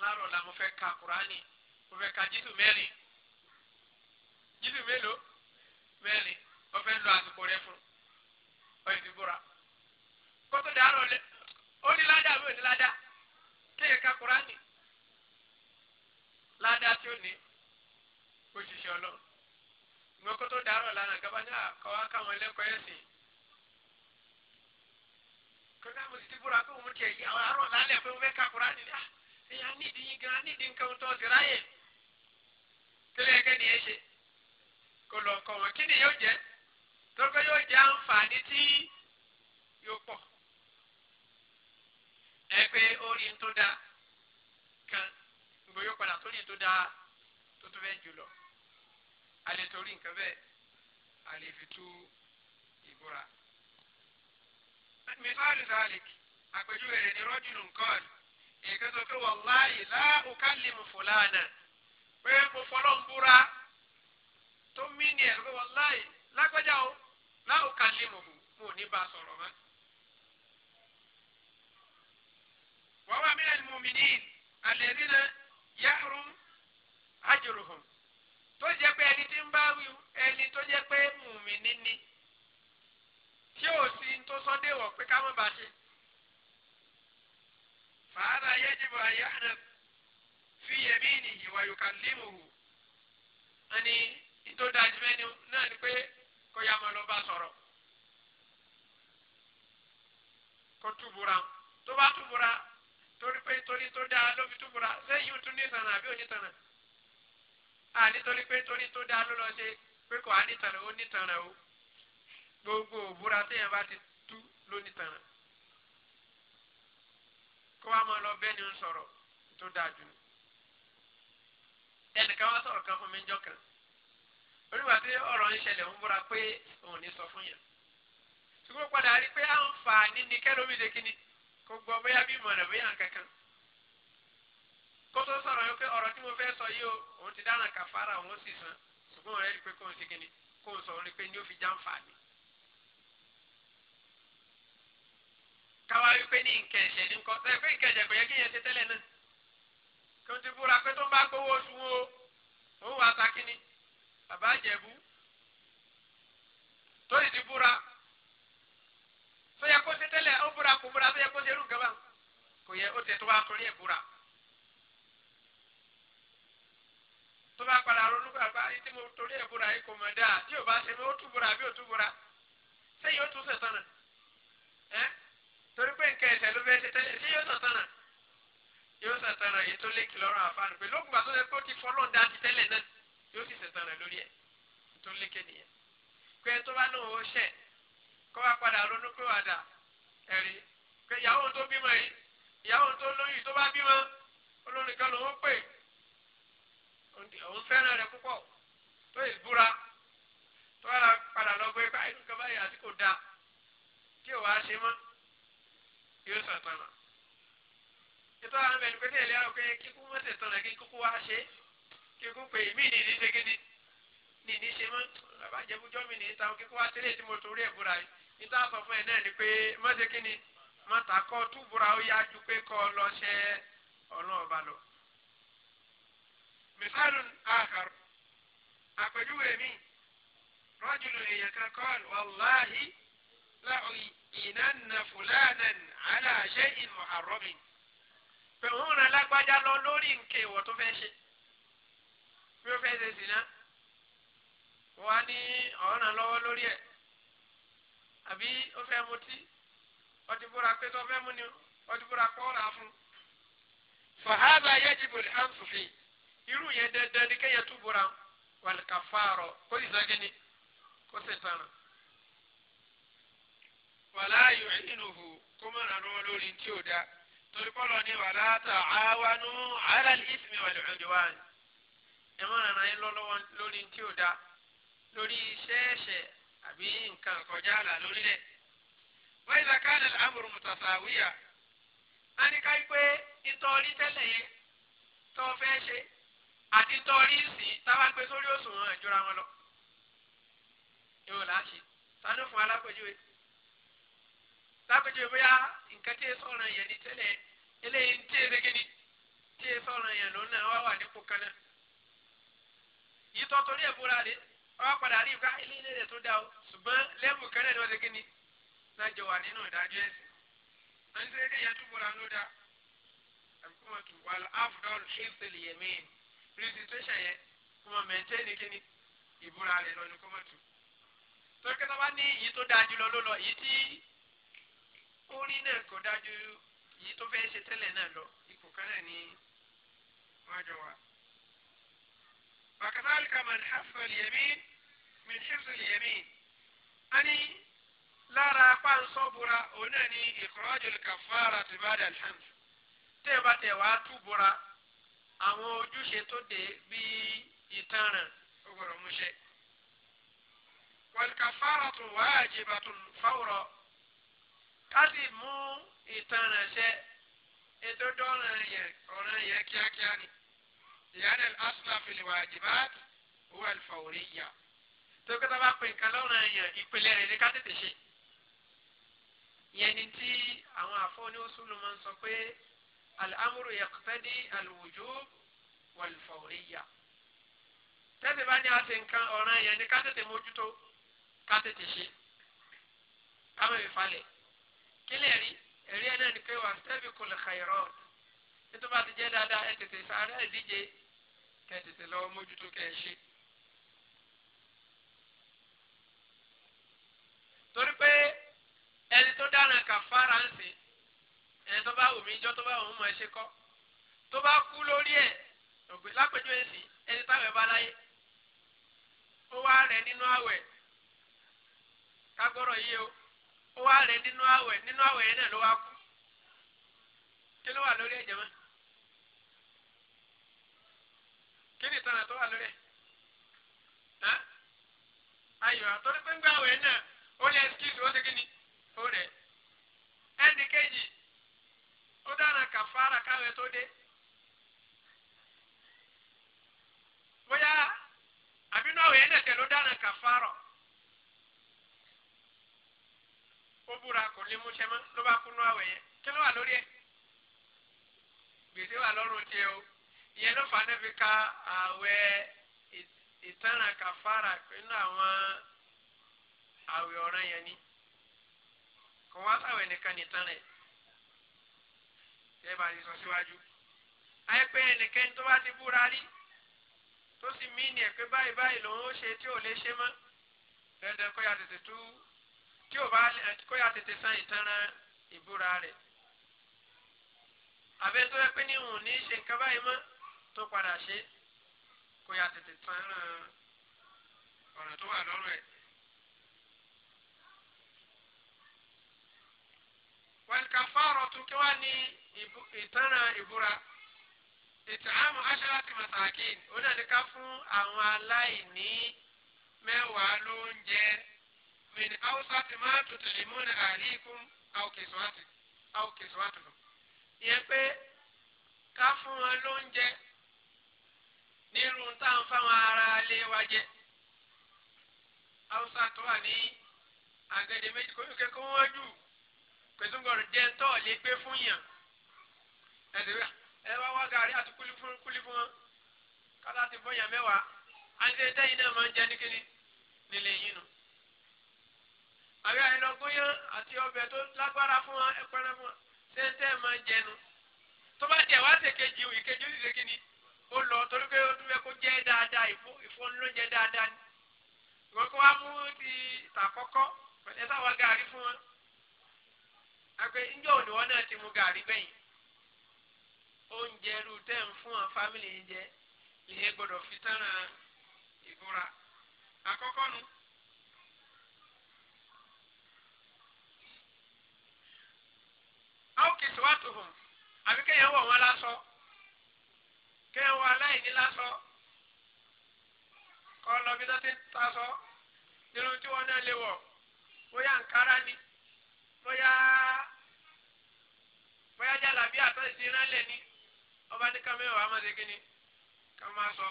Speaker 1: láàárọ̀ la mo fẹ́ ka kúránì mo fẹ́ ka jésù mẹ́rin jésù mélòó mẹ́rin mo fẹ́ lo àsìkò rẹ fún ọyìn ìdìbòra kótó dàárọ̀ lẹ ó ní ládàá bí ó ní ládàá kéèyàn ka kúránì ládàá tí ó ní òṣìṣẹ́ ọlọ́run ìwọ kótó dàárọ̀ lánàá gábájá ah, kọ́wá káwọn ẹlẹ́kọ̀ọ́ ẹ̀sìn kódà ah, mo ti ti búra pé òun kì í àwọn àárọ̀ lálẹ́ pé mo fẹ́ ka kúránì náà. Ah, èèyàn nídìí yín gan nídìí nǹkan tó ti ráyè kílẹ̀ ẹ̀kẹ́ ni ẹ ṣe kò lọ kọ̀ wọ́n kí ni yóò jẹ́ tókè yóò jẹ́ àǹfààní tí yóò pọ̀ ẹ pé orí tó da kan ìgbò yóò padà sórí tó da tó tó bẹ́ẹ̀ jùlọ alẹ́ torí nǹkan bẹ́ẹ̀ alẹ́ fi tú ìbúra. mẹ́tọ́ àlùfáà lè
Speaker 2: àpèjúwe rẹ̀ ni
Speaker 1: rọ́jùlù nǹkan ọ̀dùn ìkan sọ pé wàláyé láòká lè mú fòlànà pé mo fọlọ́ ń búra tó mí ni ẹ̀ pé wàláyé lágbájá o láòká lè mú mo ní bá a sọ̀rọ̀ mọ́. wàá wà mí lẹ́nu mọ́mìnì alẹ́ rí náà yàrún ajruhum tó jẹ́ pé ẹni tí ń bá wí ẹni tó jẹ́ pé mùmí níní tí ò sí tó sọ́dẹ̀wọ̀ pé ká má bàa ṣe. فهذا يجب أن يحنث في يمينه ويكلمه أني إنتو داجماني ناني كوي كوي عملو باصرو kó túbúra tó bá túbúra torí pé torí tó dáa ló fi túbúra sẹ́yìn tún nítànà àbí onítànà à nítorí pé torí tó dáa ló lọ ṣe pé kò á nítànà ó nítànà o gbogbo òbúra téèyàn bá ti tú ló nítànà. kó wa lọ tó dáa jù ẹnìkan wá kan fún mi jọ kan onígbà tí ọrọ ń ṣẹlẹ̀ ń búra pé òun ní sọ fún ṣùgbọ́n padà rí pé àǹfààní ni ní ṣe kíni kó gbọ́ bóyá bí mọ̀nà bóyá
Speaker 2: kó tó yóò pé tí mo fẹ́ sọ yìí o
Speaker 1: òun ti kàfàrà òun ó sì san ṣùgbọ́n òun rí pé ní ó káwá wípé ní nǹkan ẹ̀ṣẹ̀ ní nǹkan ṣe pé nǹkan ẹ̀ṣẹ̀ kò yẹ kí yẹn ṣe tẹ́lẹ̀ náà kí wọ́n ti búra pé tó ń bá gbowó oṣù wọn o òun wà á ta kínní bàbá àjẹ̀bú tó sì ti búra tó yẹ kó ṣe tẹ́lẹ̀ ó búra kò búra tó yẹ kó ṣe irú nǹkan bá kò yẹ ó tẹ̀ tó wá torí ẹ̀ búra. tó bá padà ronú gbàgbá tí mo torí ẹ̀ búra yìí kò mọ̀ dáa tí ò bá ṣe mi ó tún búra àbí ò tún búra sẹ́yìn ó tún ṣètọ́nà ẹ́ torí pé nǹkan ẹ̀ṣẹ̀ ló fẹ́ ṣe tẹ́lẹ̀ sí yóò sọ̀tànà yóò sọ̀tànà èyí tó lékì lọ́rùn àfààní pé lókùnbà tó yẹ kó ti fọlọ́n dá ti tẹ́lẹ̀ náà yóò sì sọ̀tànà lórí ẹ̀ tó lékè nìyẹn pé tó bá náà ó ṣẹ̀ kó wá padà ronú pé wà dà ẹ̀rí pé ìyàwó tó bímọ yìí ìyàwó tó lóyún tó bá bímọ olórin kan lòún pè òun fẹ́ràn rẹ̀ púpọ̀ tó yìí tó wá padà lọ gbé báyìí nǹkan báyìí àti kò dáa tí ò wá ṣe mọ́ yóò sàtọ̀nà ètò àwọn ẹni pé ní ẹ̀lẹ́ àwọn pé kíkú mọ́ sẹ̀tọ̀nà kí kúkú wá ṣe kíkú pé mí ní ní ṣégedé ní ní ṣe mọ́ bàbá jẹ́bújọ́ mi ní ìtàwọn kíkú wá sílé tí mo torí ẹ̀ búra yìí níta sọ fún ẹ náà ni pé mọ́tẹ́ kí ni mọ́tà kọ́ túbúra ó yá ju pé kọ́ lọ ṣẹ́ ọlọ́run ọba lọ. mìsáàlù àkàrọ̀ àpèjúwe mi rọ́jùlù èèyàn kan kọ́ لأعينن فلانا على شيء محرم fẹ̀hún rẹ̀ lágbájá lọ lórí nǹkan ìwọ̀ tó fẹ́ ṣe bí ó fẹ́ ṣe sì ná wọ́n á ní ọ̀ràn lọ́wọ́ lórí ẹ̀ àbí ó fẹ́ mutí ọtí búra pé tó fẹ́ mú ni ọtí búra pọ́ ra fún
Speaker 2: fàhábà yajibu al-anfu fi
Speaker 1: irú yẹn dandan ni kéèyàn tún búra wal kafaro kó sì sá kó sì tàn án
Speaker 2: wàlá ayọ̀ ìnùhù kó má ràn án lórí tí ò da
Speaker 1: torí pọ́lọ́ ní wàlá tà áwánú àlàlí ìsìnmi wà lórí wa ẹ má ràn án lọ́wọ́ lórí tí ò da lórí iṣẹ́ ẹ̀ṣẹ̀ àbí nǹkan kọjá àlà lórílẹ̀. wọ́n ìlà káàdì àmúrù mùtàtàwíyà á ní ká pé ìtọ́rí tẹ́lẹ̀ yẹn tó fẹ́ ṣe àti ìtọ́rí sí táwa gbé sórí òṣùwọ̀n ìjọra wọn lọ. yóò láṣì tánú fún alápèjúwe lápẹjọ bóyá nǹkan tí èso ọ̀ràn yẹn ní tẹ́lẹ̀ eléyìí ń tẹ́ ẹ̀rẹ́gẹ́ni tí èso ọ̀ràn yẹn lónà wá wà nípò kan náà yìí tó torí ẹ̀ bóra rè wọ́n padà rí ibùká ah, eléyìí lè tó dá o ṣùgbọ́n lẹ́mù kan náà ni wọ́n ṣe kíni lájọ wà nínú ìdájọ́ ẹ̀sìn wọ́n ṣe kéèyàn yẹn tó bóra ló dá àbíkúmọ̀tò wà áfùdọ́ọ̀lù ṣéfìlì yẹ̀mẹ́yìn rìsítẹ́sàn orí náà kò dájú yìí tó fẹ́ ṣe tẹ́lẹ̀ náà lọ ipò kan náà ni wọ́n jọ wà. وكذلك من حفظ اليمين من حفظ اليمين أني لا راقان صبرا أنني إخراج الكفارة بعد الحمد تبا توا تبرا àwọn ojúṣe tó dé bíi ìtanràn ọgbọ̀rọ̀ múṣẹ. wal kafaratu wajibatun fawra ká sì mú ìtàn ránṣẹ́ ètò dọ́ràn yẹn ọ̀ràn yẹn kíákíá ni ìyáni asúnà fìlì wàjibát owó àlùfàwòrán yà tó kí tábà pè nǹkan lọ́ràn yẹn ìpìlẹ̀ rẹ̀ ní ká tètè ṣe yẹn ni tí àwọn àfọ́ni oṣùlù máa ń sọ pé al'amuru yaqtadi al-wujub wal-fawriyya yà tẹ́tẹ̀ bá ní àti nǹkan ọ̀ràn yẹn ní ká tètè mójútó ká tètè ṣe ká má kílẹ̀ rí ẹ̀rí ẹ̀ náà ni pé wà sẹ́bi kò lè xayọ̀rọ̀ nítorí bá ti jẹ́ dáadáa ẹ tètè sáré ìdíje kẹ tètè lọ mójútó kẹ ẹ ṣe. torí pé ẹni tó dára kàfàrà ń sìn ẹni tó bá wù mí jọ tó bá wù mọ́ ẹ ṣe tó bá kú lórí ẹ̀ ògbé lápẹjọ èsì ẹni táwẹ̀ bá láyé ó wá rẹ̀ nínú àwẹ̀ kágbọ́rọ̀ yìí o ó wá rẹ̀ nínú àwẹ̀ nínú àwẹ̀ yẹn náà ló wá kú kí ló wà lórí ẹ̀jẹ̀ mọ́ kí ni ìtàn àtọ́wà lórí ẹ̀ ayọ̀ àtọ́rí pé ń gbà àwẹ̀ náà ó lé ẹsikíìsì ó ti kí ni ó rẹ̀ ẹnì kejì ó dára kàfàrà káwẹ̀ tó dé. bóyá àbínú àwẹ̀ yẹn náà tẹ̀ ló dára kàfàrà. ó búra kò lè múṣẹ mọ́ ló bá kúnú àwẹ̀ yẹn kí ló wà lórí ẹ̀ gbèsè wà lọ́rùn tiẹ̀ o ìyẹn ló fà á nẹ́bi ka àwẹ̀ ìtanràn kàfàrà nínú àwọn àwẹ̀ ọ̀ràn yẹn ni kò wá sáwẹ̀ nìkan nìtan rẹ̀ bá ti sọ síwájú. àìpẹ́ ẹnìkan tó bá ti búra rí tó sì mí ni ẹ̀ pé báyìí báyìí lòun ó ṣe tí ò lè ṣe mọ́ dandan yà tètè tú tí ò bá eh, kó yà tètè san ìtanràn ìbúra rẹ̀ àbẹ́ tó yẹ pé ní òun ní ṣe nǹkan báyìí mọ́ tó padà ṣe kó yà tètè san ọ̀rọ̀ tó wà lọ́rùn ẹ̀. wàlùkàfàrọ̀ tún kí wá ní ìtanràn ìbúra ìtààmù aṣáláàtì màtàkì ó náà ní ká fún àwọn aláìní mẹ́wàá lóúnjẹ min awsat ma tut'imuna ahlikum aw kiswatuhum aw kiswatuhum ìyẹn pé ká fún wọn lóúnjẹ nírun táwọn fáwọn ará ilé wa jẹ awusa tó wà ní agẹdẹ méjì kó kẹkọ wọn jù pẹtùngọrù jẹ ńtọ lè gbé fún yàn ẹdìrẹ ẹ wá wá gàrí àti kúlí fún kúlí fún wọn kátà ti bọyàn mẹ́wàá àti ẹdẹyìn náà máa ń jẹ níkiri nílé yìí nù àbí àìlọ́gúnyán àti ọbẹ̀ tó lágbára fún wa ẹ̀pẹ̀rẹ̀ fún wa tẹ́ntẹ́ máa jẹnu tó bá jẹ wá ṣèkejì òun ìkejì òun ìṣèkí ni ó lọ torí pé ó dúpẹ́ kó jẹ́ dáadáa ìfọ́nlóúnjẹ dáadáa ni ìwọ́n kó wá mú ti tàkọ́kọ́ pẹ̀lẹ́ sáwà gàrí fún wọn àgbẹ̀ ńjọ́ òní wọn náà ti mu gàrí bẹ́yìn oúnjẹ irú tẹ́ ń fún wọn fámìlì yìí jẹ ìyẹn gbọ́dọ̀ fi tán ra ìbúra àkọ́kọ́ nu. àwọn kìí sọ́wọ́ tó hàn àbí kéèyàn wọ̀ wọ́n lásọ kéèyàn wọ aláìní lásọ kọ́ lọ bí dọ́tí tasọ nínú tí wọ́n náà lè wọ̀ bóyá nkárá ni bóyá bóyá jàlábí àtọ́sí náà lẹ̀ ni ọba ní kámẹ́wàá máa ṣe kí ni ká máa sọ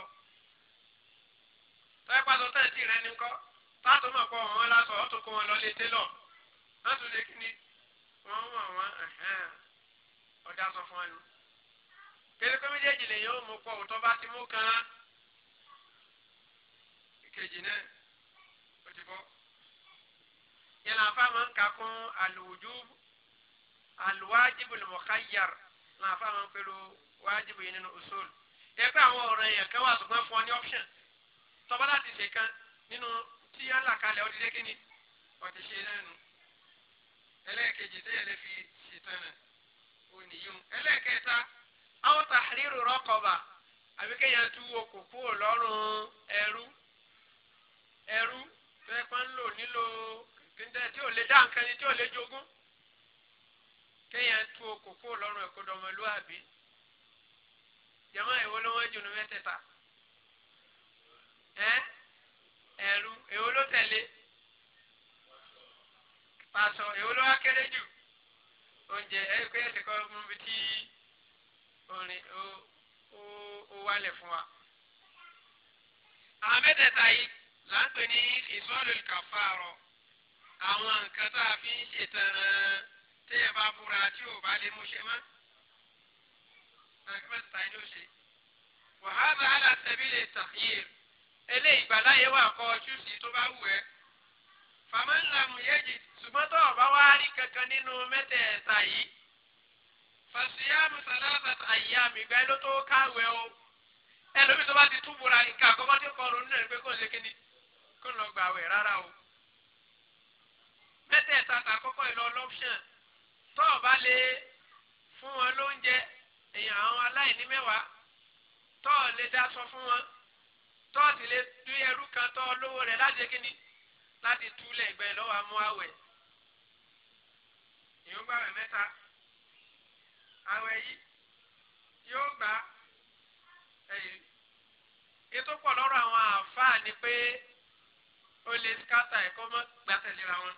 Speaker 1: tọ́yẹ́ pàtó tẹ̀sí rẹ ni kọ́ táàtò mọ̀ pọ̀ wọ́n lásọ ọ́ tó kó wọn lọ lé télọ̀ wọ́n tún lè kí ni wọ́n wọ̀ wọ́n ọ̀dà sọ fún ẹnu. kérékọ́ méjèèjì lè yóò mú pọ̀ òtọ́ bá ti mú kan ìkejì náà ó ti bọ́. yẹn náà fáwọn ń kà kún àlùjù àlùwájibù lùmọ̀káyàr náà fáwọn ń pẹ̀lú wájibù yìí nínú usul. ẹgbẹ́ àwọn ọ̀rọ̀ yẹn kan wà ṣùgbọ́n fún ọ ní option tọ́ba láti ṣe kan nínú tí yẹn là kalẹ̀ ó ti ṣe kí ni ó ti ṣe náà nù ẹlẹ́ẹ̀kejì tẹ́yẹ̀ lè fi ṣètànà òníyún ẹlẹ́ẹ̀kẹta àwọn tàhírù rọ́kọ̀bà àbí kéèyàn tú okò kúrò lọ́rùn ẹrú ẹrú fẹ́ẹ́ pọ́n lò nílò kíndẹ́ tí ò lè dá nǹkan ni tí ò lè jogún kéèyàn tú okò kúrò lọ́rùn ẹ̀kọ́ dọmọlúwàbí jama èwo ló wọ́n jùlọ mẹ́tẹ̀ẹ̀ta ẹ ẹrú èwo ló tẹ̀lé aṣọ èwo ló wá kéré jù oúnjẹ ẹ̀rí pé ẹ̀sìn kan mú bi tí orin ó ó ó wálẹ̀ fún wa. àwọn mẹ́tẹ̀ẹ̀ta yìí là ń pè ní ìsọ́lù kàfàrọ̀ àwọn nǹkan tá a fi ń ṣètàn téèyàn bá búra tí ò bá lè mú ṣe mọ́. mẹ́tẹ̀ẹ̀ta yìí ló ṣe. wàhálà ala sabili takhir eléyìí gbàláyé wà kọ́ ọ́ ṣùsì tó bá wù ẹ́ faman lam yajid ṣùgbọ́n tó o bá wá rí kankan nínú mẹ́tẹ̀ẹ̀ta yìí fasiyamu salasa ayami gba ló tó káwé o ẹlòmíì tó bá ti túbúra nǹkan àkọ́kọ́ tí kọ́ ronú ẹ̀ pé kò ṣe kíni kò lọ gbà wẹ̀ rárá o mẹ́tẹ̀ẹ̀ta àkọ́kọ́ ìlọ lọ́pṣàn tó o bá lè fún wọn lóúnjẹ
Speaker 2: èèyàn àwọn aláìní mẹ́wàá
Speaker 1: tó lè dáṣọ fún wọn tó o lè dú kan tó lówó rẹ̀ láti kíni láti túlẹ̀ ìgbẹ́ lọ́wọ́ amú àwẹ̀ ìyóò gbà wẹ̀ mẹ́ta àwẹ̀ yìí yóò gbà ẹ̀yìn ètò pọ̀ lọ́rọ̀ àwọn àáfàá ni pé ó lè skata ẹ̀kọ́ mọ́ gbàtẹ̀léra wọn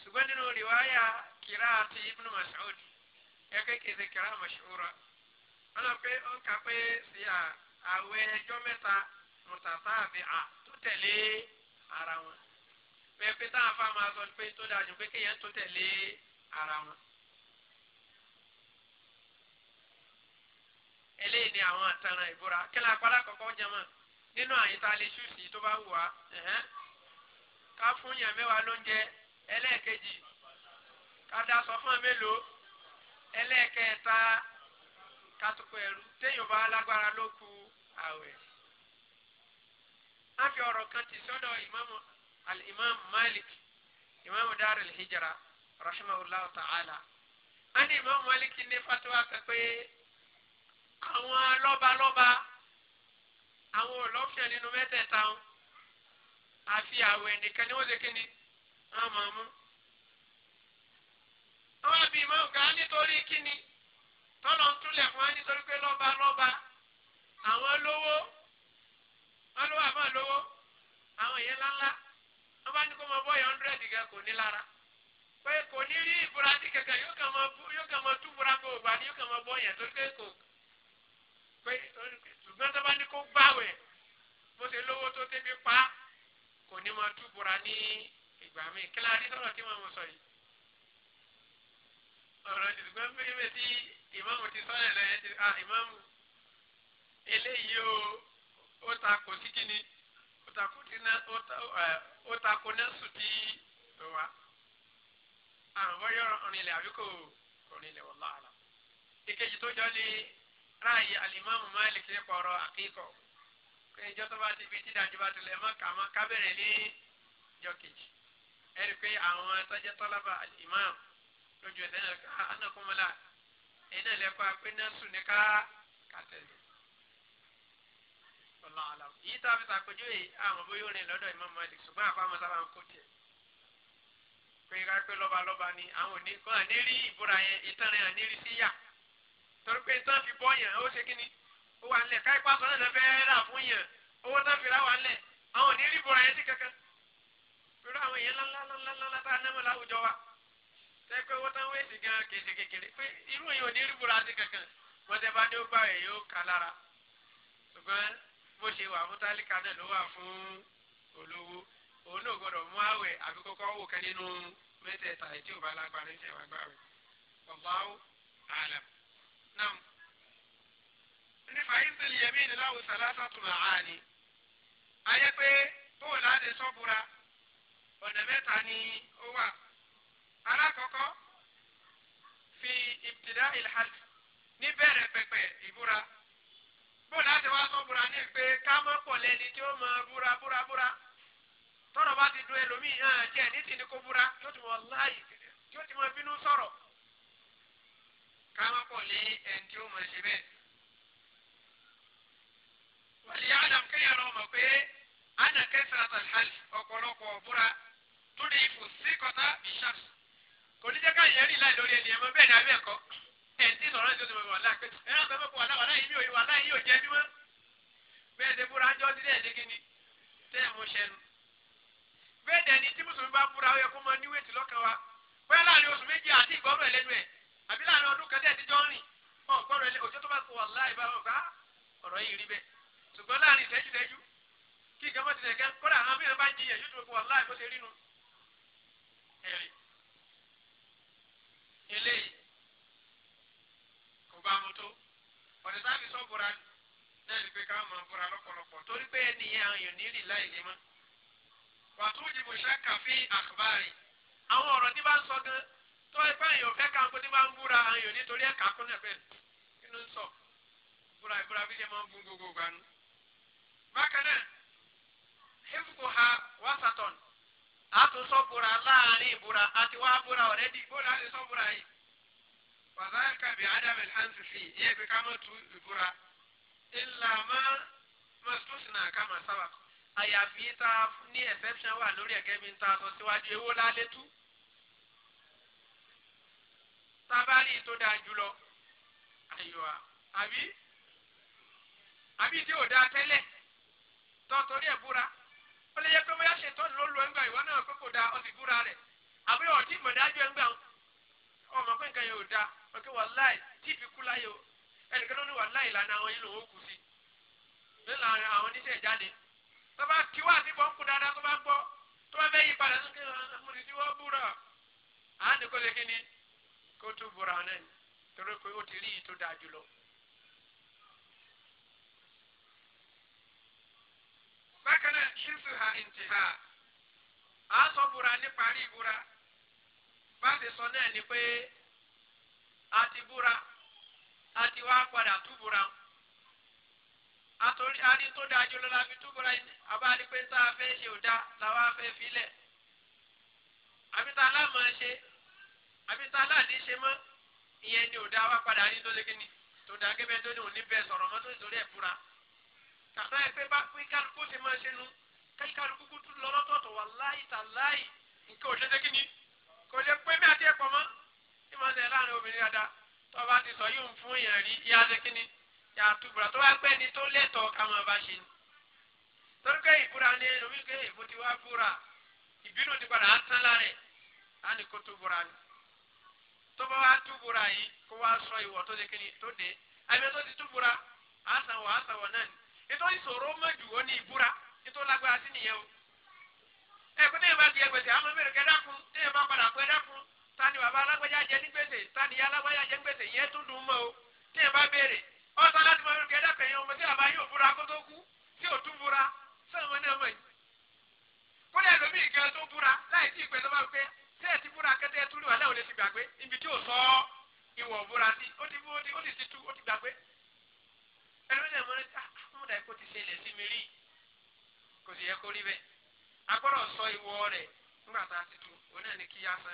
Speaker 1: ṣùgbọ́n nínú rìwáyà kìrá àti ibnu Mas'ud ẹgbẹ́ kejì kìrá mashura wọn lọ pé ó ń kà pé sí àwẹ̀ ẹjọ́ mẹ́ta mùtàtà àbí à tó tẹ̀lé ara wọn pẹpẹ táwọn afa máa sọ pé tó dáa jù pé kéèyàn tó tẹ̀lé ara wọn. eléyìí ni àwọn àtàràn ìbúra kílà àpárá kọ̀ọ̀kan jẹmọ́ nínú àyíká lè ṣùsì tó bá wù wá ká fún yàn mẹ́wàá lóúnjẹ ẹlẹ́ẹ̀kejì ká dá sọ fún mélòó ẹlẹ́ẹ̀kẹta ká tó pẹ̀ ẹrú téèyàn bá lágbára ló ku àwẹ̀. á fi ọ̀rọ̀ kan tì sọ́dọ̀ ìmáàmù al-imam malik imam dar al-hijra rahimahullah ta'ala wọ́n ní imam malik ní fatuwa kan pé àwọn lọ́balọ́ba àwọn olófin nínú mẹ́tẹ̀ẹ̀ta wọn àfi àwẹ̀ nìkan ni wọ́n ṣe kí ni wọ́n máa mú. àwọn àbí imam kan nítorí kí ni tọ́lọ̀ ń túlẹ̀ fún wa nítorí pé lọ́ba lọ́ba àwọn lówó wọ́n lówó àbá lówó àwọn èèyàn ńláńlá wọ́n bá ní kó máa bọ́yà hundred kẹ́ kò ní lára pé kò ní rí ìbúra sí kẹ̀kẹ́ yóò kàn máa bú yóò kàn máa túbúra kó o bá ní yóò kàn máa bọ́yà tó pé kò pé ṣùgbọ́n tó bá ní kó gbàwẹ̀ bó ṣe lówó tó tẹ́bi pa kò ní máa túbúra ní ìgbà míì kí láti sọ̀rọ̀ tí wọ́n mú sọ yìí ọ̀rọ̀ ṣùgbọ́n mímẹ́ tí ìmáàmù ti sọ́lẹ̀ lẹ́yìn ti ah ìmáàmù eléyìí o ó ta kò sí kíni ó takò nẹ́sù tí ó wá àwọn bọ́yọ̀ ọ̀rìn ilẹ̀ àbíkò ọ̀rìn ilẹ̀ wọ́n lára ìkejì tó jọ ní ráàyè alimami Malik nípa ọ̀rọ̀ àkíkọ̀ pé ìjọ tó bá ti fi dídájú bá tilẹ̀ mọ́ kà mọ́ kábẹ̀rẹ̀ ní ìjọ kejì ẹ̀rí pé àwọn tọ́jẹ́ tọ́lábà alimam lójú ẹ̀sẹ̀ náà ah, ká anakunmọ́lá ẹ̀yìn náà lẹ́kọ́ apẹ́ nẹ́sù ní ká kàtẹ́lẹ̀ ọlọ àlọ yìí tá a fi sàpèjúwe àwọn bóyá orin lọ́dọ̀ Imam Malik ṣùgbọ́n àpamọ́ sábà ń kó tiẹ̀ pé ká pé lọ́balọ́ba ni àwọn òní kan àní rí ìbúra yẹn ìtàn rẹ̀ àní rí sí yà torí pé tán fi bọ́ yẹn ó ṣe kí ni ó wà nílẹ̀ káyipá sọ náà fẹ́ rà fún yẹn owó tán fi rà wà nílẹ̀ àwọn òní rí ìbúra yẹn sí kankan pẹ̀lú àwọn èèyàn ńláńláńláńlá tá a námọ̀ láwùjọ wa tẹ́ pé owó tán wéèsì gan kéde kékeré pé irú yẹn òní rí ìbúra sí kankan wọ́n bá ní ó gbà yẹn yóò ká lára ṣùgbọ́n bó ṣe wà fún tálíkà náà ló wà fún olówó òun náà gbọ́dọ̀ mú àwẹ̀ àbí kọ́kọ́ wò kán nínú mẹ́tẹ̀ẹ̀ta tí ò bá lágbára ní ìṣẹ̀wá gbà rẹ̀ Allahu a'lam. náà nípa ìsìlì yẹmí ni láwùjọ sàlásà tó nà á ni ayé pé bóun láti sọ́bùra ọ̀nà mẹ́ta ni ó wà alákọ̀ọ́kọ́ fi ibtida ilhal níbẹ̀rẹ̀ pẹ̀pẹ̀ ìbúra bó láti wá sọ búra ní pé ká mọ́ pọ̀ lẹ́ni tí ó mọ búra búra búra tọ́rọ̀ bá ti dun ẹlòmíì hàn jẹ́ ní tìǹdí kó búra yóò ti mọ láàyè yóò ti mọ bínú sọ̀rọ̀ ká mọ́ pọ̀ lé ẹni tí ó mọ ṣe bẹ́ẹ̀. wàlí adam kéèyàn lọ mọ̀ pé ana kẹsàn án tàlhálì ọ̀pọ̀lọpọ̀ búra tó lè fò sí kọ́tà bíṣàf kò ní jẹ́ ká rí láì lórí ẹni ẹ̀mọ́ bẹ́ẹ̀ ni sọ̀rọ̀ ìjọba ìwà wàlá pé ẹ̀rọ àgbẹ̀ mọ̀ wàlá wàlá yìí yóò wàlá yìí yóò jẹ́ ẹni mọ́. bẹ́ẹ̀ ṣe búra jọ́ dídẹ́ ẹ̀ ni tẹ́ ẹ̀ mú ṣẹnu. bẹ́ẹ̀ dẹ̀ ni tí mùsùlùmí bá búra ó kó mọ níwèétì lọ́kàn wa bẹ́ẹ̀ láàrin oṣù méjì àti ìgbọ́rọ̀ ẹlẹ́nu ẹ̀ àbí láàrin ọdún kan rìn bá mu tó ọ̀nà sáfì fi àkùbárì àwọn ń sọ gan tó ka bá èèyàn fẹ́ káwọn tí bá ń búra àwọn èèyàn nítorí ẹ̀ kà kún ẹ̀fẹ́ inú ń sọ búra ìbúra bí ṣe máa ń bú gbogbo gbanú. bákan náà hefukun ha wàzáàkà bí adam alhansi fi yẹ pé ká tu ìbúra ilà má má sùsì náà ká má sábà àyàfi tá a ní exception wà lórí ẹ̀gẹ́ mi tá a sọ síwájú ewó lálẹ́ tú sábàárì tó dáa jùlọ àyọ̀wá àbí àbí tí ò dáa tẹ́lẹ̀ tó torí ẹ̀ búra ó lè yẹ pé bóyá ṣètọ́nù ló lu ẹgbẹ́ ìwọ náà pé kò dáa ó sì búra rẹ̀ àbí ọ̀dí ìmọ̀dájú ẹgbẹ́ ọmọ pé nǹkan yẹn ò dáa. ọkẹ wàláì tíìpì kú o ẹnìkan ló ní wàláì lànà àwọn yìí lòun kù sí nílò àwọn oníṣẹ́ ìjáde tó bá kí wá sí bọ́ńkù dáadáa tó bá gbọ́ tó bá fẹ́ yí padà sókè ọmọdé à ń ni kó tó búra náà torí pé ó ti rí yìí tó dáa àti búra àti wá padà túbúra àtòrí àní tó dáa jùlọ fi túbúra yìí àbá pé tá a fẹ́ ṣe ò dáa làwa fẹ́ filẹ̀ àbí tá a láàmú ṣe àbí tá a láàdí ṣe mọ́ ìyẹn ni ò dáa wá padà rí tó lékè ni tó dáa gẹ́gẹ́ tó ní òní bẹ́ẹ̀ sọ̀rọ̀ mọ́ tó ní torí ẹ̀ búra kàtà ẹ pé bá pé kálukú ti máa ṣe nu kálukú kúkú lọ́lọ́tọ̀ọ̀tọ̀ wà láì tà láì nǹkan ò ṣe lékè ni kò lè pé mí àti ẹ̀pọ̀ mọ́ tí máa ń tẹ̀ láàrin obìnrin dáadáa tó bá ti sọ yóò fún yẹn rí yá ṣe kínní yà á tú búra tó bá pẹ́ ni tó lẹ́tọ̀ọ́ ká máa bá ṣe ni. torí pé ìbúra ni omi pé èbó ti wá búra ìbínú ti padà á tán lára ẹ̀ á ní kó tú búra ni. tó bá wá tú búra yìí kó wá sọ ìwọ tó ṣe kínní tó dé àmì tó ti tú búra á sàwọ̀ á sàwọ̀ náà ni. ètò ìṣòro mọ̀jù ó ní ìbúra ètò lágbára sí nìyẹn o. ẹ̀ pé téèyàn bá ti ẹgbẹ̀sẹ̀ àmọ́ mẹ́rin kẹ́ dákun téèyàn bá padà pẹ́ dákun tani bàbá alágbèjà jẹ ní gbèsè tani alágbèjà jẹ ní gbèsè yẹn tún dùn mọ́ o tí yẹn bá béèrè ọ̀sán láti mọ irú kẹdà pẹ̀yìn ọmọ tí bàbá yóò fura kó tó kú tí ò tún fura sẹ́wọ̀n náà mọ̀ yìí. kódà lómi ìgbà tó fura láì sí ìgbẹ́ tó bá pé tẹ́ ẹ̀ ti fura kẹ́tẹ́ ẹ̀ túlù aláwọ̀ lè ti gbàgbé ibi tí ò sọ ìwọ̀ fura sí ó ti fún ó ti tú ó ti gbàgbé. ẹlẹ́wọ̀n náà mọ̀ ní ah,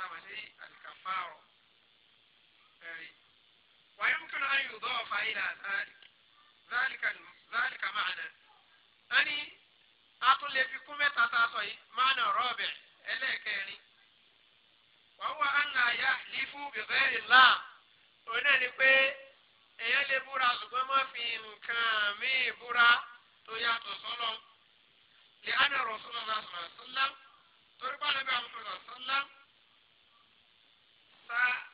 Speaker 1: táwọn ní àlìkàfáàrọ ẹrí wàá yẹn kúrò ayò dọ́ ọ̀fà ilà zálìkà máàna ẹni atúlẹ̀ fi kún mẹ́ta tá a sọ yìí máàna rọ́ọ̀bẹ̀ ẹlẹ́ẹ̀kẹrin wàá wà á nà yá lífú bìbẹ́ ìlà òun náà ni pé èèyàn lè búra ṣùgbọ́n má fi nǹkan míì búra tó yàtọ̀ sọ́lọ́ lè ánà rọ̀ sọ́lọ́ lásán àṣálá torí bá lè bá àwọn ọmọ rẹ̀ àṣálá. side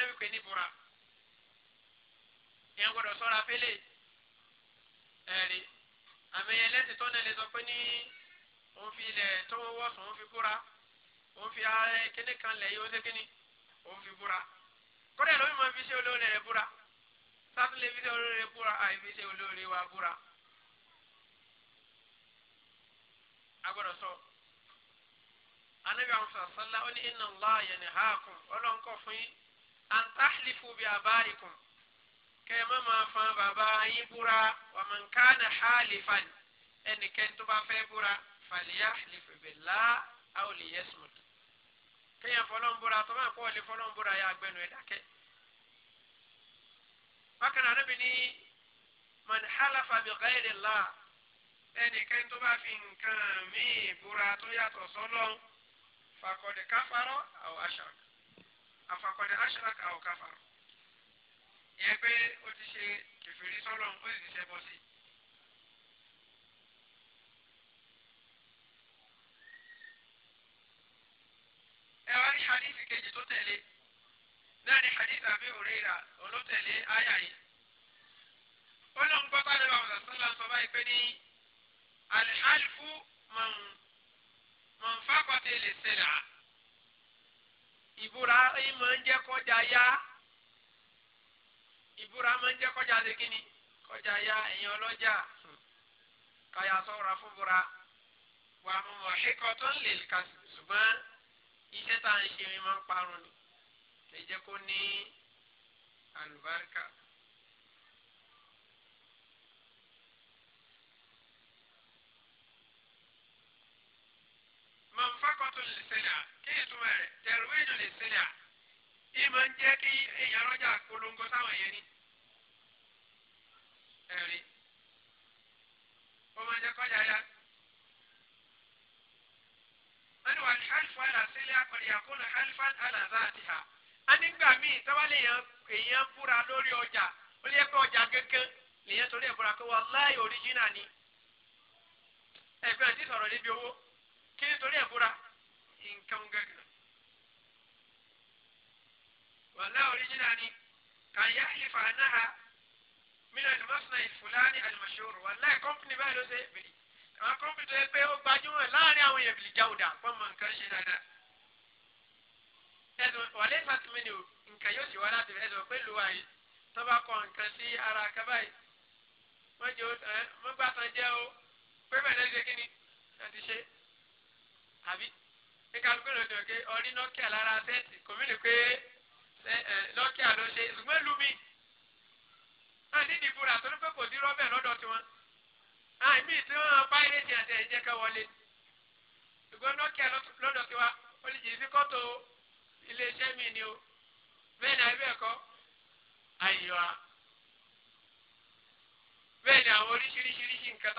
Speaker 1: Ànábì pè ní bùrà ìyẹn gbọ́dọ̀ sọ́ra fẹ́lẹ̀ ẹ̀rí àmì ẹlẹ́sìn tó nílẹ̀ sọ pé ní òun fi ilẹ̀ tó wọ́ sùn òun fi búra òun fi kíní kan lẹ̀ yìí ó kíní òun fi búra kódà lómi máa fi ṣe olóore rẹ̀ búra sátúlẹ̀ fi ṣe olóore búra àìfi ṣe olóore wa búra. agbọ́dọ̀ sọ anabi àwọn sàlá ó ní inna Allah yanhaakum antahlifu bi abaikum
Speaker 2: kẹ́ má máa fan bàbá yín búra wa
Speaker 1: man kana halifan ẹnikẹ́ni tó bá fẹ́ búra falyahlif billah aw liyasmut kéèyàn fọlọ́nbúra tó máa kọ́ ọ̀lẹ́ fọlọ́nbúra yà gbẹnu ẹ̀ dákẹ́. bákan náà níbi ní man halafa bi ghayri Allah ẹnikẹ́ni tó bá fi nǹkan míì búra tó yàtọ̀ sọ́lọ́ faqad kafara aw ashrak afakọ̀dẹ ashraka aw kafara
Speaker 2: ìyẹn pé ó ti ṣe kẹfìrí sọ́lọ̀ ó sì ti ṣẹbọ
Speaker 1: sí i. ẹ wá ní hadithi kejì tó tẹ̀lé náà ní hadithi àbí òrìrà olótẹ̀lé àyà yìí. ó lóun gbọ́ bá lọ́wọ́ àwọn sọ́lá sọ báyìí pé ní alhálfù mọ̀n mọ̀n ìbúra máa ń jẹ́ kọjá yá ìbúra máa ń jẹ́ kọjá lé kíni kọjá yá ẹ̀yin ọlọ́jà káyà sọ̀rọ̀ fúnbúra wà á mú wọn ṣíkọ́ tó ń lè kà ṣùgbọ́n iṣẹ́ tá à ń ṣe mi máa ń parun ni kì jẹ́ kó ní àlùbáríkà. mọ̀nfàkọ́tò lè sẹ́lẹ̀ kí ìtumọ̀ rẹ̀ tẹ̀rùwéjì lè sẹ́lẹ̀ ìmọ̀ ni. eri kọjá
Speaker 2: ala sẹ́lẹ̀ akọ̀dìyà ala zaati
Speaker 1: ha. a nígbà míì sábàlẹ̀ èèyàn búra lori ọjà ó lè kọ́ ọjà kankan lèyàn ni. ti kí nítorí ẹ̀ búra nǹkan gẹ́gẹ́. wàlá oríjìnà ni kàyà ìfà náà mílíọ̀nù alimọ́sánà ìfúláni alimọ́sọ́rò wàlá kọ́mpìnì báyìí ló ṣe èbìlì àwọn
Speaker 2: kọ́mpìnì tó yẹ pé ó gbajúmọ̀ láàrin àwọn èbìlì
Speaker 1: jáwùdà pọ́nmọ̀ nǹkan ṣe dáadáa. ẹ̀sùn wàlẹ́ ìfàtúmí ni nǹkan yóò sì wá láti rẹ̀ ẹ̀sùn pé lùwà yìí tó àbí kíkálukú ló dùn pé ọrí lára sẹ́ẹ̀tì kòmínì pé nọ́kíà ló ṣe ṣùgbọ́n lumi náà ní ìdìbòrà tó ní pé kò sí rọ́bẹ̀ lọ́dọ̀ tiwọn àìmí tí wọ́n bá ilé jẹ àti ẹ̀jẹ̀ kan wọlé ṣùgbọ́n nọ́kíà lọ́dọ̀ tiwa ó sí kọ́tò iléeṣẹ́ mi ni o bẹ́ẹ̀ ni àbí ẹ̀kọ́ ayiwa. bẹ́ẹ̀ ni àwọn oríṣiríṣiríṣi nǹkan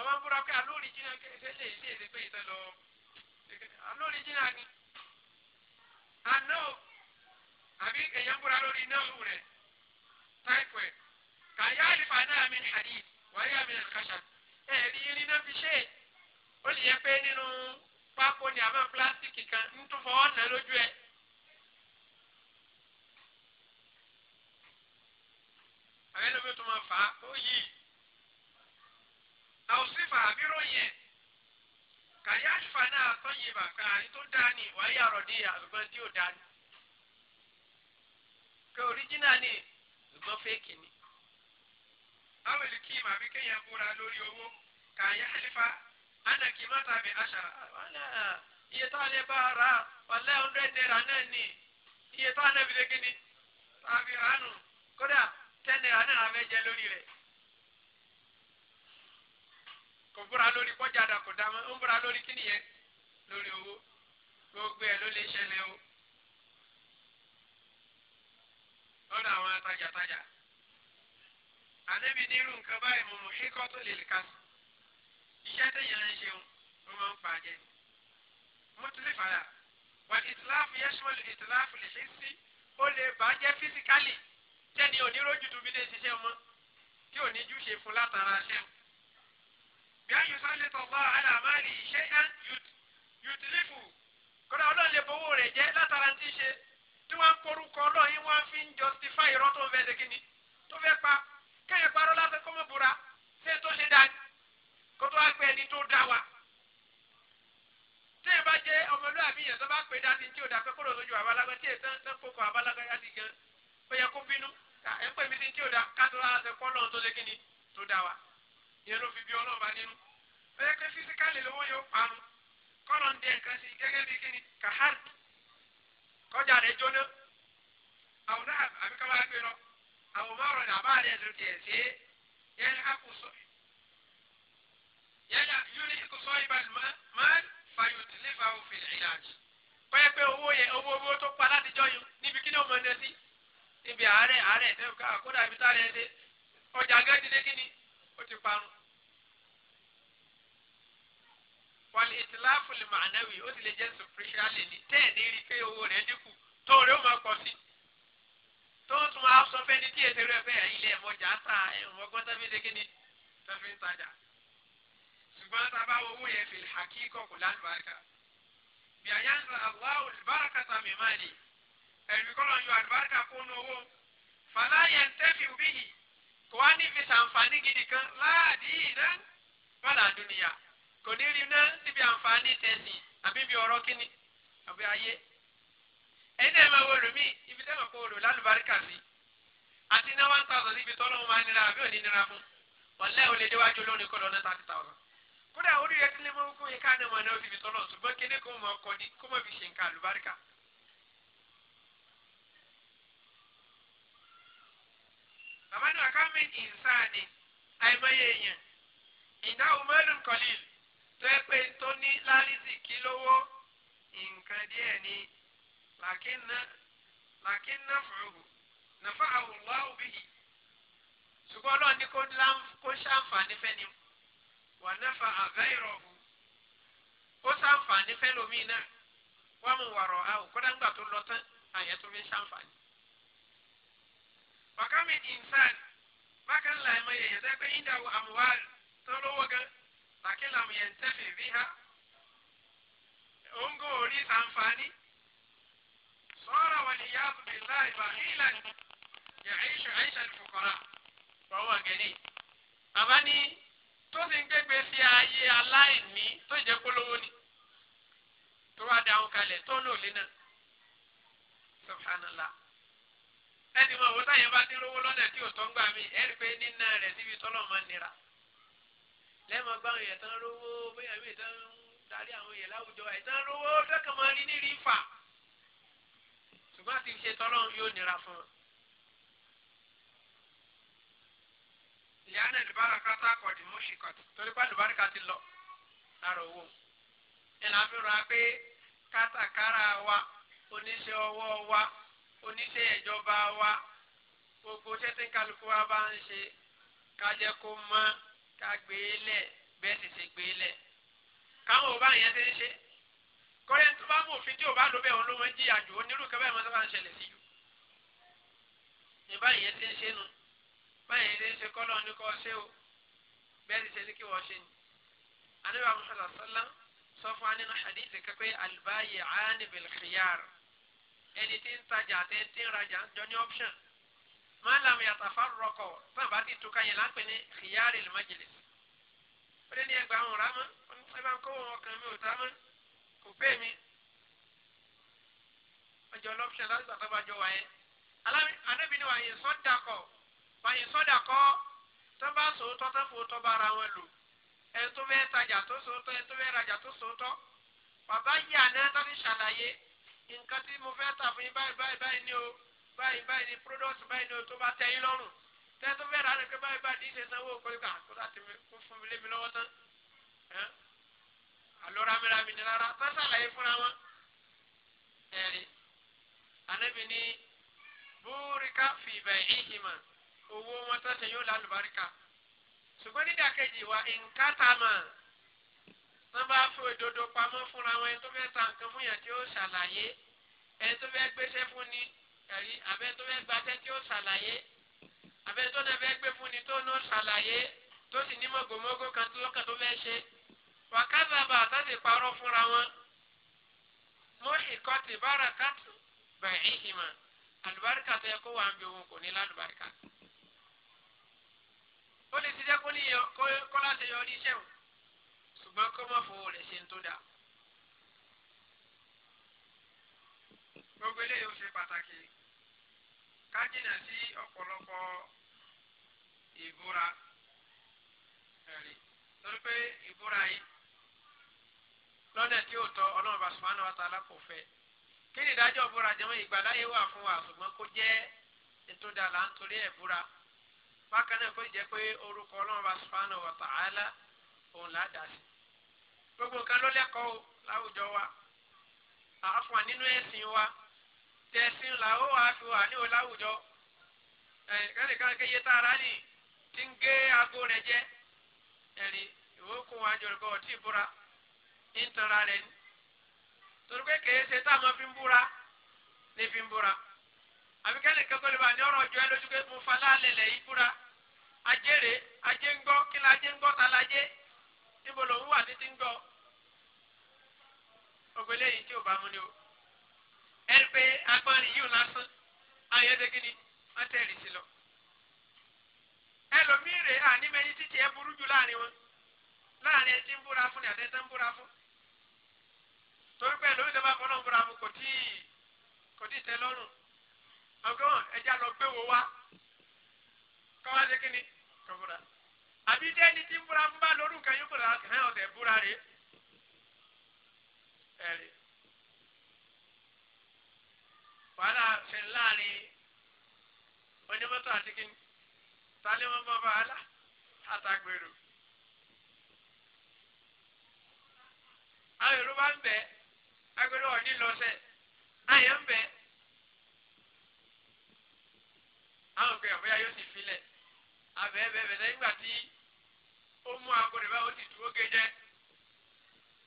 Speaker 1: ọmọ búra pé alórí jìnnà kéde lè lè lè pé ìtàn lọ alórí jìnnà ni àná àbí èèyàn búra lórí iná òun rẹ táìpù ẹ kàyà àlìfà náà mi hàdí wàyà mi kàṣà ẹ rí irin náà fi ṣe ó lè yẹ pé nínú pákó ni àmọ́ pílásìkì kan ń tún fọwọ́ nà lójú ẹ. àwọn ẹlòmíràn tó máa fà á ó yìí àwòsífà àbíròyìn kàyáṣfà náà tọ́yìn bàkà ní tó dání wáyà rọ̀dí àgbẹ̀gbọ́n tí ò dání. pé oríjìnà ni ṣùgbọ́n fẹ́ẹ̀kì ni. àwọn èlò kí màmí kéèyàn búra lórí owó kàyáṣfà ánàkì mọ́ta mi àṣà iye tó alẹ́ bá ra ọ̀lẹ́ hundred naira náà ni iye tó anábìlẹ́gẹ́ni tàbí ránù kódà ten naira náà abẹ́jẹ lórí rẹ̀ kò búra lórí kọjá dà kò dá mọ́ ó ń búra lórí kí nìyẹn lórí owó gbogbo ẹ̀ ló lè ṣẹlẹ̀ o. lọ́dọ̀ àwọn tajàtajà ànábi ní irú nǹkan báyìí mo mọ̀ kíkọ́ tó lè ka iṣẹ́ téèyàn ń ṣeun ló máa ń pa jẹ. mo ti lè fàyà wà ìtìláàfù yẹ́sùn ìtìláàfù lè ṣe sí ó lè bàjẹ́ físíkálì tẹ́ni oníròjù tó fi lè ṣiṣẹ́ mọ́ tí ò ní jù ṣe fún látara ṣẹ́wọ̀n bí a yóò sọ lè tọ̀ lọ́wọ́ aláàmárì ṣé án yùtìlífù kódà ọlọ́run lè bọ́wọ́ rẹ̀ jẹ́ látara ti ṣe tí wọ́n ń korúkọ ọlọ́run wọ́n fi ń justify irọ́ tó ń fẹ́ ṣe kínní tó fẹ́ pa kẹ́yìn parọ́ lásán kó mọ̀ búra ṣé tó ṣe dáa kó tó wá ẹni tó dá wa. tẹ́yìn bá jẹ́ ọmọlúwàbí yẹn tó bá pè dáa ti ń tí ò dáa pé kó lọ sójú àbálágbá tí èsán ń kókò àbálágbá yá ti gan ó yẹ kó bínú ẹ̀ ń pè mí sí ń tí ò dáa ká tó rárá ṣe kọ́ lọ́run tó ṣe kínní tó dá wa yẹn ló fi bí ọlọ́ọ̀bá nínú bẹ́ẹ̀ pé fisikali lówó yóò parun kọ́nà ń dẹ nǹkan sí gẹ́gẹ́ bí kíni kahar kọjá rẹ̀ jóná àwọn náà àbí kọ́ máa gbé lọ àwọn márùn ní àbá rẹ̀ ló tiẹ̀ sí yẹn kò sọ yẹn yóni kò sọ ìbálòmọ́ máa fàyòtì lẹ́fà òfin ìlàjì pẹ́ pé owó yẹn owó owó tó pa látijọ́ yìí níbi kíni ọmọ ẹ̀ ń dẹ sí ibi àárẹ̀ àárẹ̀ tẹ́wọ́ ó ti parun. wàlẹ̀ ìtìláàfù lè màá náwì ó ti lè jẹ́ superficially ní tẹ́ẹ̀ ní rí pé owó rẹ̀ dínkù tó rẹ̀ ó máa pọ̀ sí. tó ń tún aṣọ fẹ́ ní tí ètò rẹ̀ bẹ́ẹ̀ ilé ẹ̀mọ́jà ta ẹ̀mọ́gbọ́n tẹ́fí ṣe kíni tẹ́fí ń tajà. ṣùgbọ́n tá a bá owó yẹn fi hàkí kọ̀kọ̀ lálùbáríkà. bí àyà ń sọ aláwọ̀ ìbárakà sàmì máa ní ẹ̀rí kọ́lọ́ kò wá ní fi ṣàǹfààní gidi kan láàdì iná wàlà àdúnìyà kò ní rí iná síbi àǹfààní tẹ̀sìn àbí ibi ọ̀rọ̀ kíni àbí ayé ẹni náà máa wo lómi ibi tẹ́lẹ̀ kó one thousand ibi tọ́lọ́ wọn máa nira àbí òní nira fún ọ̀lẹ́ ò lè déwájú lónìí kọ́ lọ́nà thirty thousand Kuda orí rẹ tilé mọ́ kó yẹ ká ní ọmọ náà kene fi ibi tọ́lọ̀ ṣùgbọ́n kíní kó bàbá ní wàká mi ní ìsáàní àìmọye èèyàn ìdáhùn mẹ́rin kọ́lì tó ẹ pé tó ní lárísì kí lówó nǹkan díẹ̀ ni làkín náà fòrògùn nàfà àwòrán òbíyì ṣùgbọ́n náà ní kó ṣàǹfààní fẹ́ni wà náfà àgá ìrọ̀hù ó ṣàǹfààní fẹ́lómi náà wọ́n mú wàrọ̀ àwò kódà ńgbà tó lọ tán àyẹ̀ fi ṣàǹfààní wàkàmì ìnsán bákan láìmọ yẹn yẹn dẹ́gbẹ́ yín dàwọ̀ àmúwá tó lówó gan làkè làmù yẹn tẹ́fì bí ha òǹgò orí sànfàní sọ́ra wà ní yàtò bí láì bá hílàn yàhíṣù àìṣà fòkòrà abani, gẹ̀ẹ́nì. bàbá ní tó ti ń gbégbé sí ayé aláìní tó jẹ́ polówó ni tó wá dáhùn kalẹ̀ tó lòlẹ́ náà subhanallah
Speaker 2: ẹni mọ̀ wọ́n táyẹ̀ bá ti rówó
Speaker 1: lọ́nà tí òótọ́ ń gbà mí ẹ̀rí pé nínà rẹ̀ síbi tọ́lọ̀ máa ń nira lẹ́mọ̀ gbá àwọn èèyàn tán rówó bóyá mi tán ń darí àwọn èèyàn láwùjọ àìtán rówó fẹ́kàn máa rí nírí fà ṣùgbọ́n àti ṣe tọ́lọ̀ yóò nira fún un. ìyá náà lùbárà kátà kọ̀dì mọ́ṣì kọ̀tì torí pé lùbárà kàti lọ lára owó ìlànà mi rà pé kátàkárà wa oníṣẹ́ ọwọ́ wa oníṣẹ́ ìjọba wa gbogbo tẹ́tí kálukú wa bá ń ṣe ká jẹ́ kó mọ́ ká gbé e lẹ̀ bẹ́ẹ̀ sì ṣe gbé e lẹ̀ káwọn ò bá yẹn ti ń ṣe kọ́lẹ́ tó bá mú òfin tí ò bá lò bẹ́ẹ̀ ló máa ń jìyà jù onírú kẹ́ sábà ń ṣẹlẹ̀ sí jù ní yẹn ti ń ṣe nu báyìí yẹn ti ń ṣe kọ́lọ́ ní kọ́ ṣé o bẹ́ẹ̀ sì ṣe ní kí wọ́n ṣe ni anábìyà muhammadu sallam sọ fún wa nínú kẹ́kẹ́ albayi ani bilkhiyar ẹni tí ń tajà àti ẹni tí ń rajà ń jọ ní option máa làm yàtọ̀ fárọkọ̀ tán bá ti tuka yẹn lápẹ́ ní khiyari al-majlis ó lé ní ẹgbàá àwọn ọ̀rá mọ́ ẹ bá ń kó wọn ọkàn mi ò tá mọ́ kò pé mi ọjọ́ lọ́pṣẹ̀ láti tó bá jọ wáyé anábì ni wàyè sọ́dàkọ̀ wàyè sọ́dàkọ̀ tó bá sòótọ́ tó fòótọ́ bá ara wọn lò ẹni tó fẹ́ tajà tó sòótọ́ ẹni tó fẹ́ rajà tó sòótọ́ bàbá yìí àná tó ti ṣàlàyé nǹkan tí mo fẹ́ tà fún yín báyìí báyìí báyìí ni o báyìí báyìí ni product báyìí ni o tó bá tẹ yín lọ́rùn tẹ́ tó fẹ́ rà ni pé báyìí báyìí ní ìṣe sanwó kọ́ nígbà kó láti kó fún mi lé mi lọ́wọ́ tán àlọ́ rámírámí ni rárá tán ṣàlàyé fúnra wọn ẹ̀rí anabi ni búrika fi bay'ihima owó wọn tó ṣe yóò lálùbáríkà ṣùgbọ́n nídàkejì wa nkátàmà wọ́n bá fi òdodo pamọ́ fúnra wọn ẹni tó fẹ́ ta nǹkan fún yàn tí ó ṣàlàyé ẹni tó fẹ́ gbéṣẹ́ fún ni ẹ̀rí abẹ́ni tó fẹ́ gbaṣẹ́ tí ó ṣàlàyé abẹ́ni tó náà fẹ́ gbé fún ni tó náà ṣàlàyé tó sì ní mọ̀gòmọ́gò kan tó lọ́kàn tó fẹ́ ṣe wàkàtàbà àtàtì parọ́ fúnra wọn mọ́ṣíkọ́tì bárakàtù bẹ̀rẹ̀ ìhìmà àlùbáríkà tó yẹ kó wà ń bí òun kò ní lálùbáríkà ó lè ti jẹ́ kó láṣeyọrí iṣẹ́ wọn ṣùgbọ́n kọ́ mọ̀ fowó rẹ̀ ṣe ń tó dà. gbogbo eléyìí ó ṣe pàtàkì ká jìnnà sí ọ̀pọ̀lọpọ̀ ìbúra ẹ̀rí torí pé ìbúra yìí lọ́nà tí ó tọ́ ọlọ́run bá subhanahu wa ta'ala kò fẹ́ kí ni ìdájọ́ ìbúra jẹ́wọ́ ìgbàláyé wà fún wa ṣùgbọ́n kó jẹ́ ètò ìdàlà nítorí ẹ̀ búra bákan náà kó jẹ́ pé orúkọ ọlọ́run bá subhanahu wa ta'ala òun là dá sí gbogbo nǹkan ló lẹ́kọ̀ọ́ o láwùjọ wa àáfọ̀ nínú ẹ̀sìn wa tẹ̀sìn làwọn wà fi wà ní o láwùjọ kẹ́nìkan kéye tá a rà ní tí ń gé aago rẹ̀ jẹ́ ẹ̀rí ìwókùn àjọyọ̀kọ̀ ọ̀tí ìbúra ń tanra rẹ̀ ní torí pé kèé ṣe táwọn fi ń búra ní fi ń búra àbí kẹ́nìkan kó lè bá ní ọ̀rọ̀ ọjọ́ ẹ lójú pé mo fa láàlẹ̀ lẹ̀ yí búra ajẹ́rè ajé ń gbọ́ kí la ajé ń gbọ́ ta la jẹ́ níbo lòun wà ní ti ń gbọ́ ọgbẹ lẹ́yìn tí o bá mú ni o ẹni pé agbọ́nrin yìí lásán ayọ́dẹ́gí ni wọ́n tẹ̀lé sí lọ. ẹlòmíì rè ànímẹ́ni títí ẹ burú jù láàrin wọn láàrin ẹtí ń búra fún ni àtẹ́tẹ́ ń búra fún. torí pé ẹlòmíì sábà fọ́nà ń búra mu kò tí ì kò tí ì tẹ́ lọ́rùn. ọgbọ́n ẹja lọ gbé wo wá kọ́ wá ẹ̀rí.
Speaker 2: wàhálà ṣe
Speaker 1: láàrin onímọ́tò àti kíni tálẹ́mọ́ bá wàhálà àtàgbèrò. àwọn èrò bá ń bẹ agbèrò ọ̀ní lọ́sẹ̀ àyẹ̀ ń bẹ àwọn òkè àbúyá yóò sì filẹ̀ abẹ́ẹ́bẹ́ẹ́bẹ́ sẹ́yìn gbà tí ó mú agbèrò báwo ti dúró gẹ́jẹ́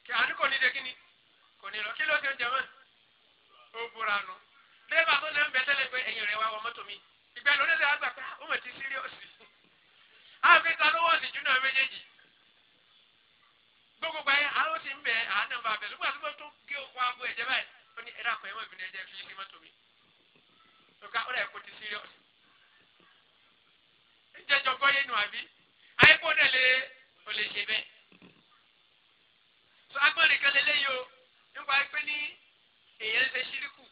Speaker 1: kí àdúgbò ní dẹ́kíní kò ní lọ kí ló ṣe ń jẹmọ́ ó búra nu dẹ́gbà tó lẹ́nu bẹ́tẹ́lẹ̀ pé ẹ̀yìn rẹ̀ wá wọ mọ́tò mi ìgbà ló lè àgbà pé ah, ó mọ̀ ti síríọ́sì àfi ta ló wọ́ọ̀sì júnà méjèèjì gbogbo gba yẹn àwọn ti ń bẹ àánà bá bẹ lùgbà tó tó gé okun abo ẹ̀jẹ̀ báyìí ó ní ẹ̀rọ àpẹẹrẹ mọ̀bìnrin ẹ̀jẹ̀ fi sí mọ́tò mi ọ̀gá ó lẹ̀ kó ti síríọ́sì jẹjọ gbọ́ nípa pé ní èèyàn ń ṣe ṣíríkù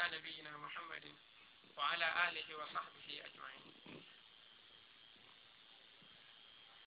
Speaker 1: على نبينا محمد وعلى آله وصحبه